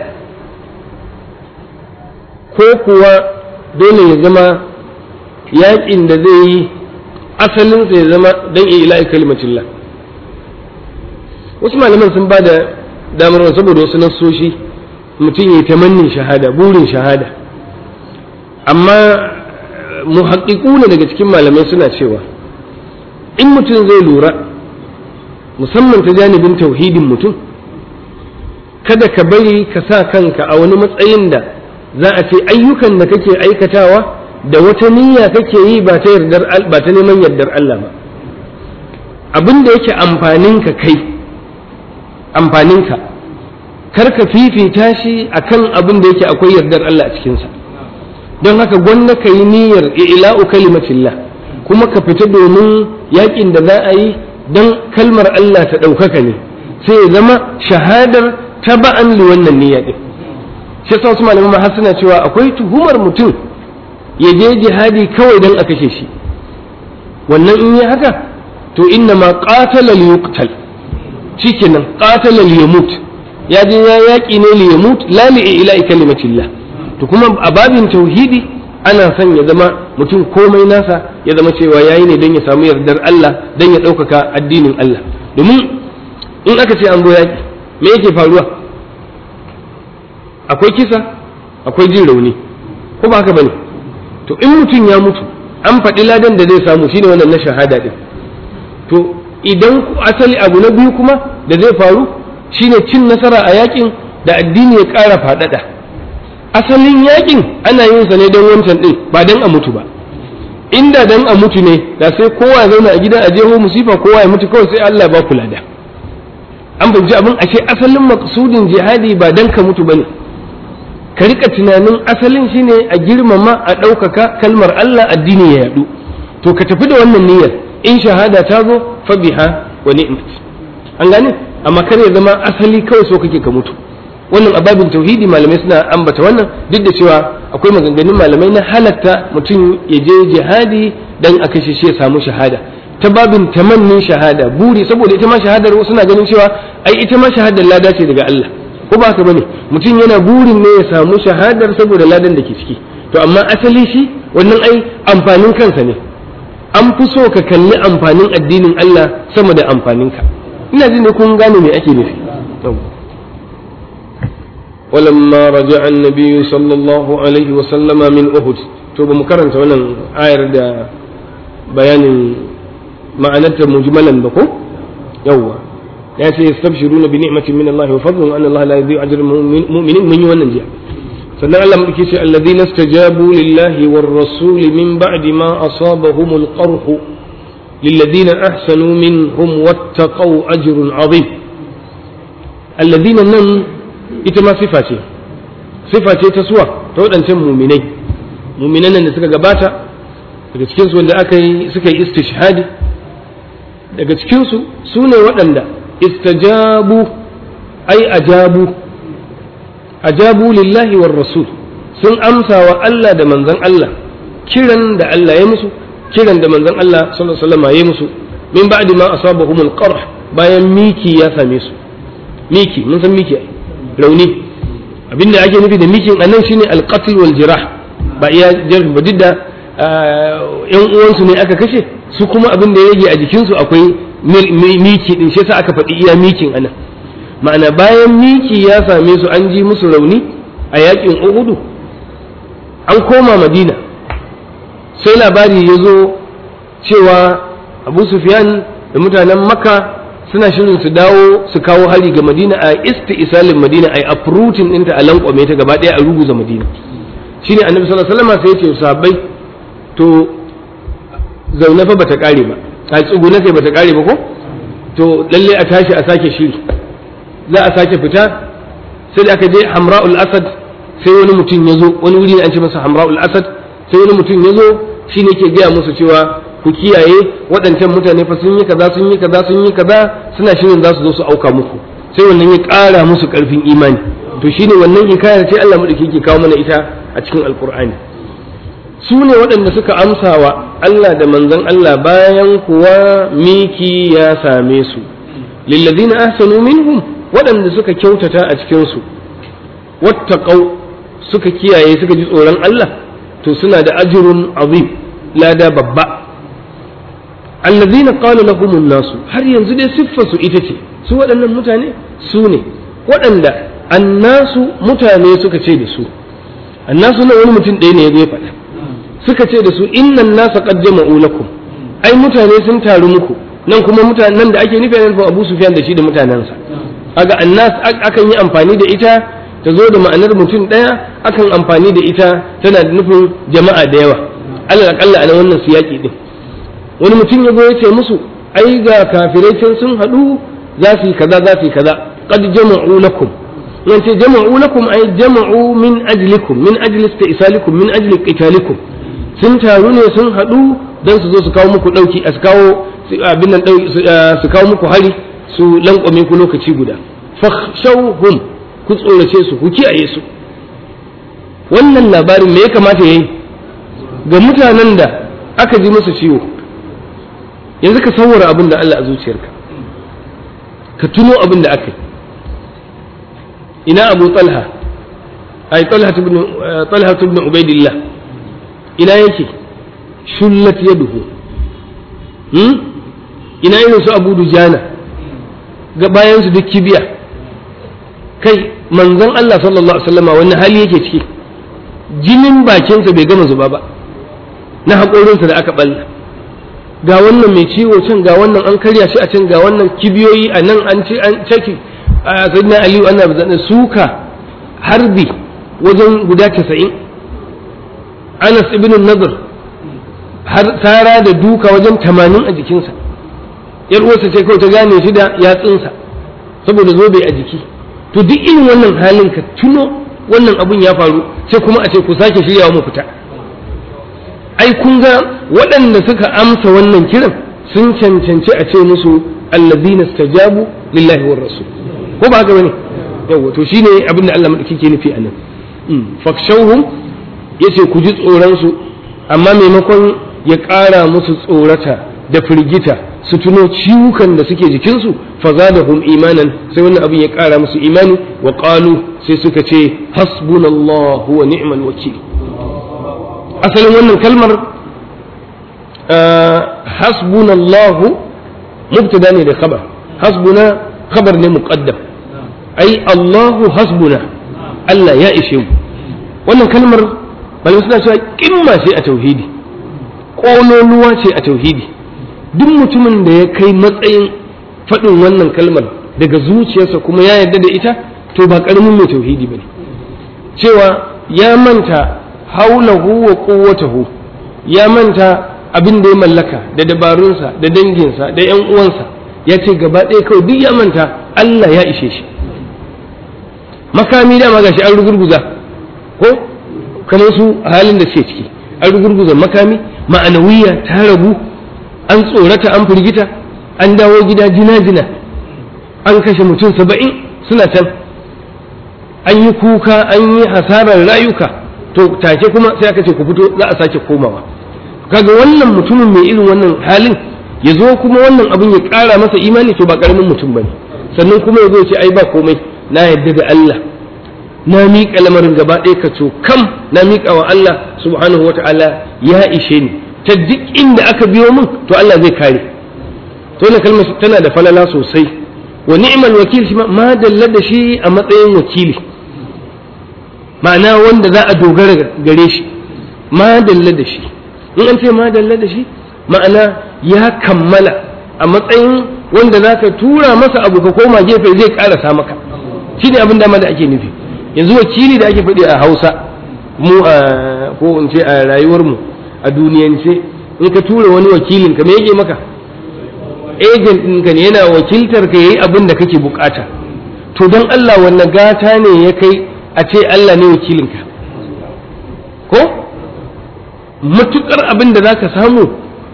ko kuwa dole ya zama yaƙin da zai yi asalinsa ya zama don iya ila wasu malaman sun ba da damar saboda wasu nassoshi mutum ya tamannin shahada burin shahada amma muhaƙiƙu ne daga cikin malamai suna cewa in mutum zai lura musamman ta janibin tauhidin mutum kada ka bari ka sa kanka a wani matsayin da za a ce ayyukan da kake aikatawa da wata niyya kake yi ba ta neman yardar Allah ba abin da yake amfanin ka kai amfaninka kar ka fifita shi akan abin da yake akwai yardar Allah a cikinsa don haka gwanna ka yi niyyar ila'u kalimatillah kuma ka fita domin yakin da za a yi don kalmar Allah ta ɗaukaka ne sai ya zama shahadar taba'an li wannan niyya din shi wasu malaman har suna cewa akwai tuhumar mutum ya je jihadi kawai don a kashe shi wannan in yi haka to inna ma qatala yuqtal shikenan qatala liyamut ya je ya yaki ne liyamut la li ila kalimatillah to kuma a babin tauhidi ana son ya zama mutum komai nasa ya zama cewa yayi ne don ya samu yardar Allah don ya ɗaukaka addinin Allah domin in aka ce an zo yaƙi me yake faruwa akwai kisa akwai jin rauni ko ba haka bane to in mutum ya mutu an faɗi ladan da zai samu shine wannan na shahada din to idan asali abu na biyu kuma da zai faru shine cin nasara a yakin da addini ya ƙara faɗaɗa asalin yakin ana yin sa ne don wancan ɗin ba don a mutu ba inda don a mutu ne da sai kowa ya zauna a gida a jeho musifa kowa ya mutu kawai sai Allah ba kula da an fahimci abin ashe asalin maksudin jihadi ba don ka mutu ba ne ka rika tunanin asalin shine a girmama a ɗaukaka kalmar Allah addini ya yaɗu to ka tafi da wannan niyyar in shahada ta zo fa biha wa ni'mat an gane amma kar zama asali kawai so kake ka mutu wannan ababin tauhidi malamai suna ambata wannan duk da cewa akwai maganganun malamai na halatta mutum ya je jihadi dan a kashe shi ya samu shahada ta babin tamannin shahada buri saboda ita ma shahadar wasu na ganin cewa ai ita ma shahadar lada ce daga Allah ko ba haka bane mutum yana burin ne ya samu shahadar saboda ladan da ke ciki to amma asali shi wannan ai amfanin kansa ne an fi so ka kalli amfanin addinin Allah sama da amfaninka ina jin da kun gane me ake nufi ولما رجع النبي صلى الله عليه وسلم من أهد تو بمكرن wannan ayar da bayanin ma'anarta mujmalan bako yawa ya ce yastabshiruna bi ni'matin min Allah wa fadlin anna Allah la yudhi'u ajra mun yi wannan jiya sannan Allah mulki ce alladhina istajabu lillahi war rasul min ba'di ma asabahumul qarh lilladhina ahsanu minhum wattaqau ajrun azim alladhina nan ita ma sifa ce sifa ce ta suwa ta muminai suka gabata daga cikinsu wanda aka yi suka yi istishhadi daga cikinsu su ne waɗanda istajabu ai ajabu ajabu lillahi war rasul sun amsa wa Allah da manzon Allah kiran da Allah ya musu kiran da manzon Allah sallallahu alaihi wasallam ya musu min ba'di ma asabahum al-qarh bayan miki ya same su miki mun san miki rauni abinda ake nufi da mikin anan shine al-qatl wal jirah ba iya jarh ba didda ah, yan uwansu ne aka kashe su kuma abin da ya rage a jikinsu akwai miki din shi sa aka faɗi iya mikin anan ma'ana bayan miki ya same su an ji musu rauni a yakin uhudu an koma madina sai labari ya zo cewa abu sufyan da mutanen makka suna shirin su dawo su kawo hari ga madina a isti isalin madina a yi uprooting ɗinta a lankwame ta gaba ɗaya a ruguza madina ne annabi sallallahu alaihi wasallam sai ya ce sabai to zaune fa bata kare ba a tsuguna sai bata kare ba ko to lalle a tashi a sake shiri za a sake fita sai da aka je hamra'ul asad sai wani mutum ya zo wani wuri an ce masa hamra'ul asad sai wani mutum ya zo shi ne ke gaya musu cewa ku kiyaye waɗancan mutane fa sun yi kaza sun yi kaza sun yi kaza suna shirin za su zo su auka muku sai wannan ya ƙara musu ƙarfin imani to shine wannan hikayar ce Allah madauki ke kawo mana ita a cikin alkur'ani su ne waɗanda suka amsawa Allah da manzon Allah bayan kuwa miki ya same su lillazina ahsanu minhum waɗanda suka kyautata a cikinsu ƙau suka kiyaye suka ji tsoron Allah to suna da ajirun azim lada babba allazina qala lahumun nasu har yanzu dai siffar su ita ce su waɗannan mutane su ne waɗanda annasu mutane suka ce da su annasu na wani mutum ɗaya ne ya zo faɗa suka ce da su innan nasa qad jama'u lakum ai mutane sun taru muku nan kuma mutanen da ake nufi ne fa Abu Sufyan da shi da mutanensa aga annas akan yi amfani da ita ta zo da ma'anar mutum ɗaya akan amfani da ita tana da nufin jama'a da yawa alal akalla a wannan siyaki din wani mutum ya goya ce musu ai ga kafirai can sun haɗu za su yi kaza za su yi kaza qad jama'u lakum yan ce jama'u lakum ai jama'u min ajlikum min ajli istisalikum min ajli qitalikum sun taru ne sun haɗu don su zo su kawo muku ɗauki su kawo abin nan eh, su kawo muku hari su lankwame ku lokaci guda fakhshawhum ku tsorace su ku kiyaye su wannan labarin me ya kamata yayi ga mutanen da aka ji musu ciwo yanzu ka saurara abin da Allah a zuciyarka ka tuno abin da aka yi ina Abu Talha ai Talha ibn Talha ibn Ubaidillah ina yake shullat yaduhu hmm ina yin su Abu Dujana ga bayansu duk kibiya kai manzon Allah sallallahu alaihi wasallama wani hali yake ciki jinin bakinsa bai gama zuba ba na haƙorinsa da aka ɓalla. ga wannan mai ciwo can ga wannan an karya shi a can ga wannan kibiyoyi a nan an ce an caki a sayyidina aliyu ana da suka harbi wajen guda casa'in anas ibn nazar har tsara da duka wajen tamanin a jikinsa yar uwarsa sai kawai ta gane shi da yatsunsa saboda zobe a jiki to duk irin wannan halin ka tuno wannan abun ya faru sai kuma a ce ku sake shiryawa mu fita ai kun ga waɗanda suka amsa wannan kiran sun cancanci a ce musu allazina stajabu lillahi war rasul ko ba haka bane yawa to shine abin da Allah madaki ke nufi anan mm, fakshawhum yace ku ji tsoron su amma maimakon ya ƙara musu tsorata da firgita su tuno ciwukan da suke jikinsu fa fazadahum imanan sai wannan abin ya ƙara musu imani wa qalu sai suka ce hasbunallahu wa ni'mal wakil asalin wannan kalmar uh, hasbunallahu mubtada ne da khabar hasbuna khabar ne muqaddam ai Allahu hasbuna Allah ya ishe mu wannan kalmar malamai suna cewa kimma ce a tauhidi ƙololuwa ce a tauhidi duk mutumin da ya kai matsayin faɗin wannan kalmar daga zuciyarsa kuma ya yarda da ita to ba ƙaramin mai tauhidi ba ne cewa ya manta haulahu wa hu, ya manta abin da ya mallaka da dabarunsa da danginsa da yan uwansa ya ce gaba ɗaya kawai duk ya manta Allah ya ishe shi makami dama gashi an rugurguza ko kamar su a halin da suke ciki an rugurguza makami ma'anawiya ta rabu an tsorata an firgita an dawo gida jina-jina an kashe mutum saba'in suna can an yi kuka an yi hasarar rayuka to take kuma sai aka ce ku fito za a sake komawa kaga wannan mutumin mai irin wannan halin ya zo kuma wannan abin ya kara masa imani to ba karamin mutum ba sannan kuma ya zo ce ai ba komai na yadda da Allah na miƙa lamarin gaba ɗaya ka kam na miƙa wa Allah subhanahu wa ya ishe ni ta duk inda aka biyo min to Allah zai kare to wannan kalmar tana da falala sosai wa ni'mal wakil shi ma dalla da shi a matsayin wakili ma'ana wanda za a dogara gare shi ma dalla da shi in an ce ma dalla da shi ma'ana ya kammala a matsayin wanda za ka tura masa abu ka koma gefe zai karasa maka shi ne abin dama da ake nufi yanzu wakili da ake faɗi a hausa mu a ko in ce a rayuwar mu a duniyance in ka tura wani wakilin ka me yake maka agent ɗinka ne yana wakiltar ka yayi abin da kake bukata to don Allah wannan gata ne ya kai a ce Allah ne wakilin ka, ko mutukar abin da zaka samu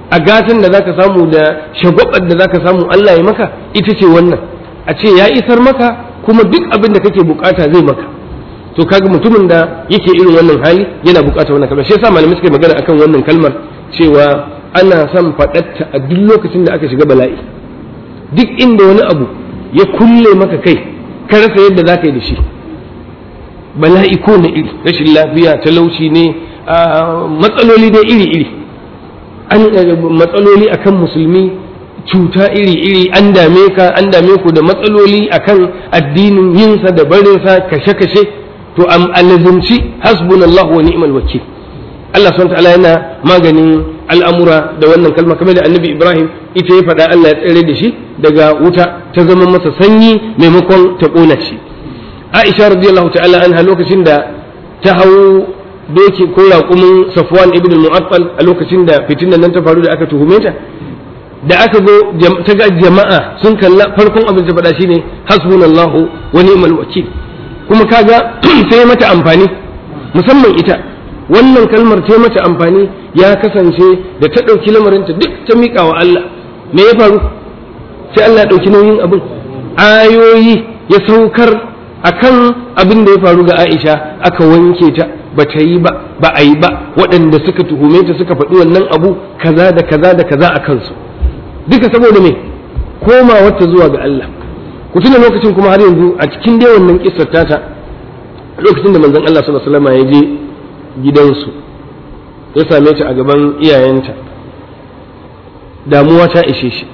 a gatan da zaka samu da shagwabar da zaka samu Allah ya maka ita ce wannan a ce ya isar maka kuma duk abin da kake bukata zai maka to kaga mutumin da yake irin wannan hali yana bukatar wannan kalmar shi yasa malamai suka magana akan wannan kalmar cewa ana son faɗatta a duk lokacin da aka shiga bala'i duk inda wani abu ya kulle maka kai ka rasa yadda za ka yi da shi bala'i ko na iri rashin lafiya talauci ne matsaloli dai iri iri an eh, matsaloli akan musulmi cuta iri iri an dame ka an dame ku da matsaloli akan addinin yinsa da barinsa kashe kashe to am alazumci hasbunallahu wa ni'mal wakil Allah subhanahu ta'ala yana maganin al'amura da wannan kalma kamar da annabi Ibrahim ita ya faɗa Allah ya tsere da shi daga wuta ta zama masa sanyi maimakon ta ƙona shi Aisha radiyallahu ta'ala anha lokacin da ta hau doki ko raƙumin Safwan ibn al-Mu'attal a lokacin da fitinan nan ta faru da aka tuhume ta da aka zo ta ga jama'a sun kalla farkon abin da faɗa shine hasbunallahu wa ni'mal wakil kuma kaga sai mata amfani musamman ita wannan kalmar sai mata amfani ya kasance da ta ɗauki lamarinta duk ta miƙa wa Allah me ya faru sai Allah ya ɗauki nauyin abin ayoyi ya saukar akan abin da ya faru ga Aisha aka wanke ta ba ta yi ba ba a yi ba waɗanda suka tuhume ta suka faɗi wannan abu kaza da kaza da kaza a kansu duka saboda me ta zuwa ga Allah ku tuna lokacin kuma har yanzu a cikin dai wannan kissar tata lokacin da manzon Allah sallallahu alaihi wasallam ya je gidansu ya same ta a gaban iyayenta damuwa ta ishe shi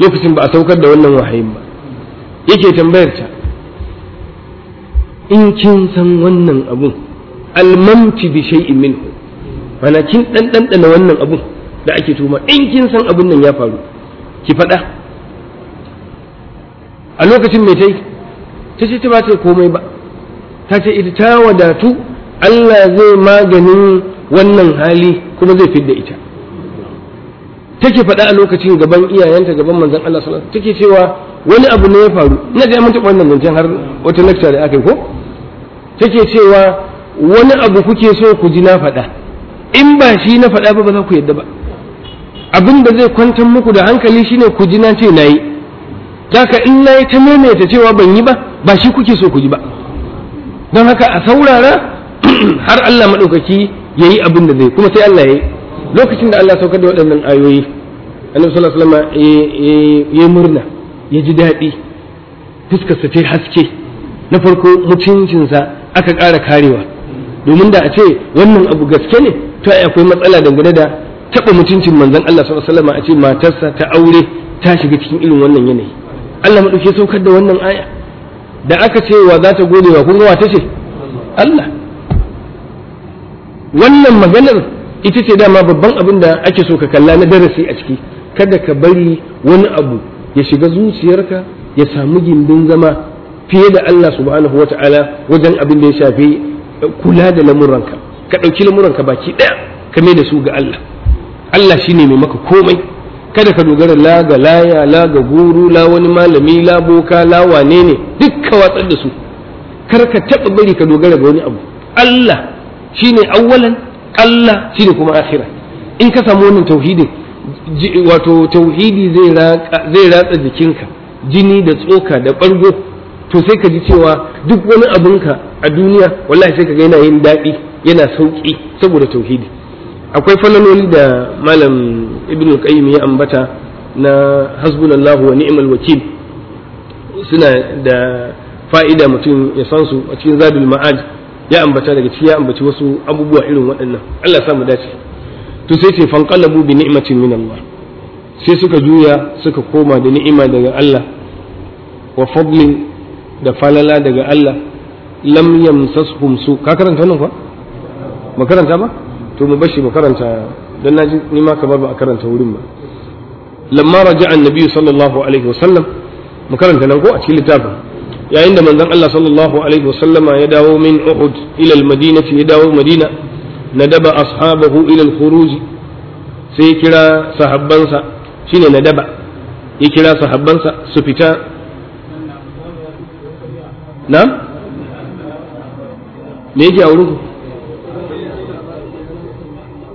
lokacin ba a saukar da wannan wahayin ba yake tambayar ta in kin san wannan abun almamti bi shay'in minhu mana kin dan dan wannan abun da ake tuma in kin san abun nan ya faru ki faɗa a lokacin mai ta yi ta ce ta ba ta komai ba ta ce ita ta wadatu Allah zai maganin wannan hali kuma zai fidda ita take faɗa a lokacin gaban iyayenta gaban manzon Allah sallallahu alaihi take cewa wani abu ne ya faru ina ga mun taɓa wannan zancen har wata lecture da aka yi ko take cewa wani abu kuke so ku ji na faɗa in ba shi na faɗa ba ba za ku yadda ba abin da zai kwantar muku da hankali shine ku ji na ce nayi haka in na yi ta maimaita cewa ban yi ba ba shi kuke so ku ji ba don haka a saurara har Allah maɗaukaki ya yi abin da zai kuma sai Allah ya yi lokacin da Allah saukar da waɗannan ayoyi annabi sallallahu alaihi wasallam ya murna ya ji daɗi fuskarsa ta haske na farko mutuncinsa aka ƙara karewa domin da a ce wannan abu gaske ne to ai akwai matsala dangane da taɓa mutuncin manzon Allah sallallahu alaihi a ce matarsa ta aure ta shiga cikin irin wannan yanayi Allah maɗauke saukar da wannan aya da aka ce wa za ta gode wa kun ta ce Allah wannan maganar ita ce dama babban abin da ake so ka kalla na darasi a ciki kada ka bari wani abu ya shiga zuciyarka ya samu gindin zama fiye da Allah subhanahu ta'ala wajen abin da ya shafi kula da lamuranka ka ɗauki lamuranka baki ɗaya ka mai da su ga Allah Allah shine mai maka komai kada ka dogara la ga laya la ga guru la wani malami la boka la wane ne dukka watsar da su kar ka taɓa bari ka dogara ga wani abu Allah shine awwalan Allah shine kuma akhira in ka samu wannan tauhidin wato tauhidi zai ratsa jikinka jini da tsoka da ɓargo to sai ka ji cewa duk wani abunka a duniya wallahi sai ka ga yana yin daɗi yana sauƙi saboda tauhidi akwai falaloli da malam ibn qayyim ya ambata na hasbunallahu wa ni'mal wakil suna da fa'ida mutum ya san su a cikin zadul ma'ad ya ambata daga ciki ya ambaci wasu abubuwa irin waɗannan Allah samu dace to sai ce fanqalabu bi ni'matin min Allah sai suka juya suka koma da ni'ima daga Allah wa fadlin da falala daga Allah lam yamsashum su ka karanta wannan ba makaranta ba to mu bashi mu karanta dan naji ni ma kamar ba a karanta wurin ba lamma raja'a annabi sallallahu alaihi wasallam mu karanta nan ko a cikin littafin yayin da manzon Allah sallallahu alaihi wasallama ya dawo min Uhud ila al-Madinati ya dawo Madina nadaba ashabahu ila al-khuruj sai kira sahabbansa shine nadaba ya kira sahabbansa su fita na me yake a wurin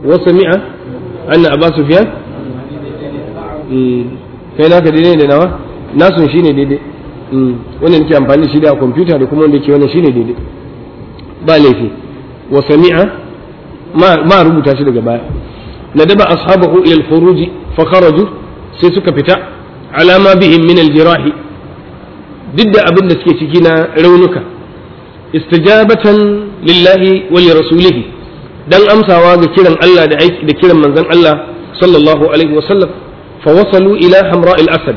wa sami'a anna aba sufyan hmm. kai naka daidai da nawa nasun shine daidai hmm. wannan nake amfani shi da kwamfuta da kuma wanda yake wannan shine daidai ba laifi wa sami'a ma rubuta shi daga baya nadaba ashabahu ila al-khuruj fa sai suka fita alama bihim min jirahi duk da abin da suke ciki na raunuka istijabatan lillahi wa dan amsawa ga kiran Allah da aiki da kiran manzon Allah sallallahu alaihi wasallam fa wasalu ila hamra al-asad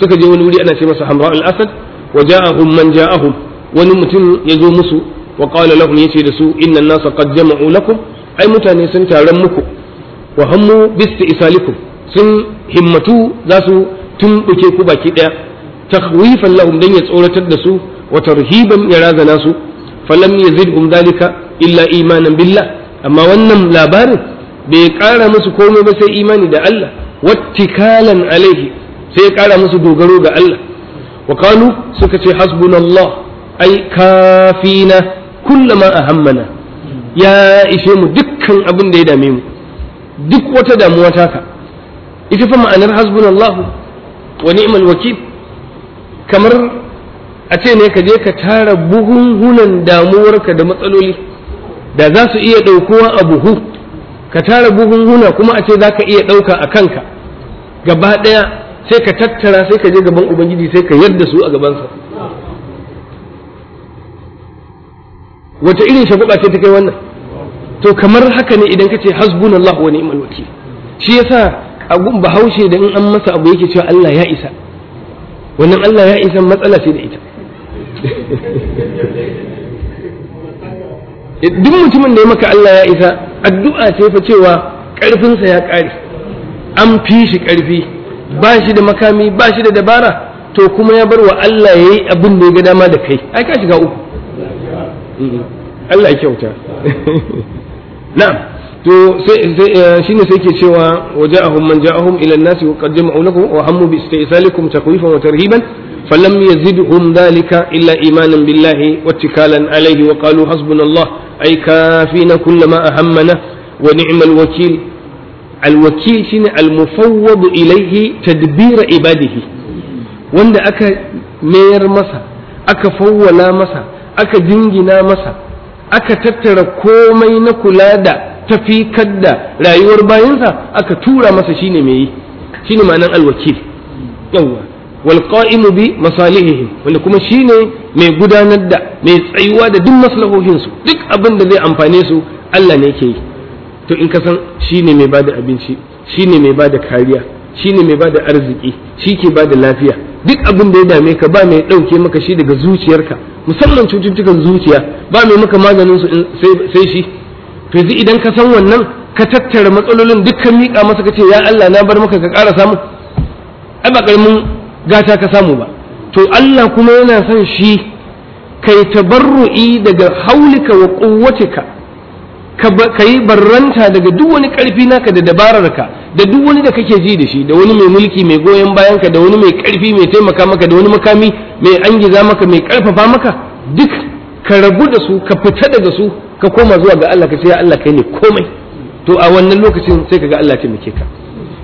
suka je wani wuri ana ce masa hamra al-asad wa ja'ahum man ja'ahum wani mutum ya zo musu wa qala lahum yace da su inna an-nasa qad jama'u lakum ai mutane sun taron muku wa hammu isaliku sun himmatu za su tumbuke ku baki daya takhwifan lahum dan ya tsoratar da su wa tarhiban ya razana su falam yazidhum dhalika illa imanan billah amma wannan labarin bai ƙara musu komai ba sai imani da Allah wattikalan alaihi sai ya ƙara musu dogaro ga Allah wa kanu suka ce hasbunallah ai kafina kullama ahammana ya ishe mu dukkan abin da ya dame mu duk wata damuwa taka ita fa ma'anar hasbunallah wa ni'mal wakil kamar a ce ne ka je ka tara buhunhunan damuwarka da matsaloli da za su iya ɗaukowa a buhu ka tara buhunhuna kuma a ce za ka iya ɗauka a kanka gaba ɗaya sai ka tattara sai ka je gaban ubangiji sai ka yadda su a gabansa wata irin shafuɓa ce ta kai wannan to kamar haka ne idan ka ce Allah wa ni'mal wakil shi yasa a bahaushe da in an masa abu yake cewa Allah ya isa wannan Allah ya isa matsala ce da ita duk mutumin da ya maka Allah ya isa addu'a ce fa cewa ƙarfinsa ya ƙare an fi shi ƙarfi ba shi da makami ba shi da dabara to kuma ya bar wa Allah ya yi abin da ya ga dama da kai ai ka shiga uku Allah ya kyauta na'am to sai eh, shine sai ke cewa waja'ahum man ja'ahum ila an-nasi wa qad jama'u lakum wa hammu bi isti'salikum takhwifan wa tarhiban فلم يزدهم ذلك إلا إيمانا بالله واتكالا عليه وقالوا حسبنا الله أي كافينا كل ما أهمنا ونعم الوكيل الوكيل شنو المفوض إليه تدبير عباده wanda aka mayar masa aka fawwala masa aka jingina masa aka tattara komai na kula da tafikar da rayuwar bayansa aka tura masa shine mai yi shine ma'anar alwakil yawwa wal qa'imu bi masalihihim wanda kuma shine mai gudanar da mai tsayuwa da duk maslahohin duk abin da zai amfane su Allah ne yake yi to in ka san shine mai bada abinci shine mai bada kariya shine mai bada arziki shi ke bada lafiya duk abin da ya dame ka ba mai ɗauke maka shi daga zuciyarka musamman cututtukan zuciya ba mai maka maganin su sai shi to yanzu idan ka san wannan ka tattara matsalolin duk ka miƙa masa ka ce ya Allah na bar maka ka ƙara samu ai ba gata ka samu ba to Allah kuma yana son shi kai tabarru'i daga haulika wa quwwatika ka yi barranta daga duk wani karfi naka da dabararka da duk wani da kake ji da shi da wani mai mulki mai goyon ka da wani mai ƙarfi mai taimaka maka da wani makami mai angiza maka mai karfafa maka duk ka rabu da su ka fita daga su ka koma zuwa ga Allah ka ce ya Allah kai ne komai to a wannan lokacin sai ka ga Allah taimake ka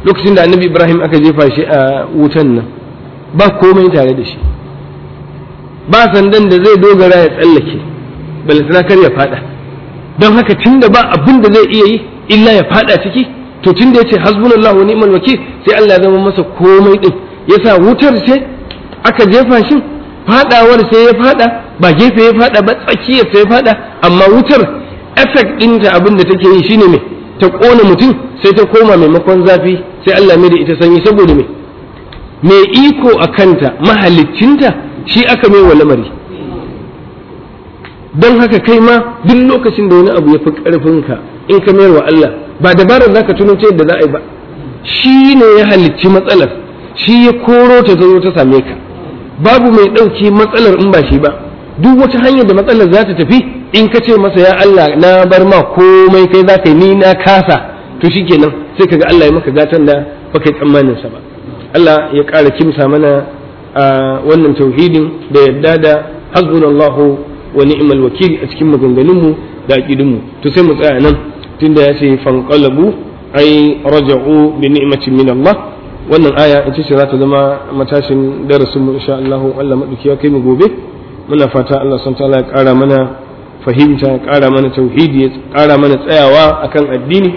lokacin da annabi Ibrahim aka jefa shi a wutan nan ba komai tare da shi ba sandan da zai dogara ya tsallake balantana kar ya fada don haka tun da ba abin da zai iya yi illa ya fada ciki to tunda ce hasbunallah wa ni'mal wakil sai Allah ya zama masa komai din yasa wutar ce aka jefa shi fadawar sai ya fada ba gefe ya fada ba tsakiyar sai ya fada amma wutar effect ɗinta abin da take yi shine me ta kona mutum sai ta koma maimakon zafi sai Allah mai da ita sanyi saboda me mai iko a kanta mahalicinta shi aka mai wa lamari don haka kai ma duk lokacin da wani abu ya fi ƙarfinka in ka mayar wa Allah ba dabarar za ka tuno ce da za a yi ba shi ne ya halicci matsalar shi ya koro ta zo ta same ka babu mai ɗauki matsalar in ba shi ba duk wata hanyar da matsalar za ta tafi in ka ce masa ya Allah na bar ma komai kai za ka yi ni na kasa to shikenan sai ka ga Allah ya maka gatan da baka yi tsammanin sa ba Allah ya ƙara kimsa mana a wannan tauhidin da yadda da Allah wa ni'mal wakil a cikin maganganunmu da aƙidunmu to sai mu tsaya nan tunda ya ce fanqalabu ai raja'u bi ni'mati min Allah wannan aya ita ce za ta zama matashin darasin mu insha Allah Allah madauki ya kai mu gobe muna fata Allah subhanahu ta'ala ya ƙara mana fahimta ya ƙara mana tauhidi ya ƙara mana tsayawa akan addini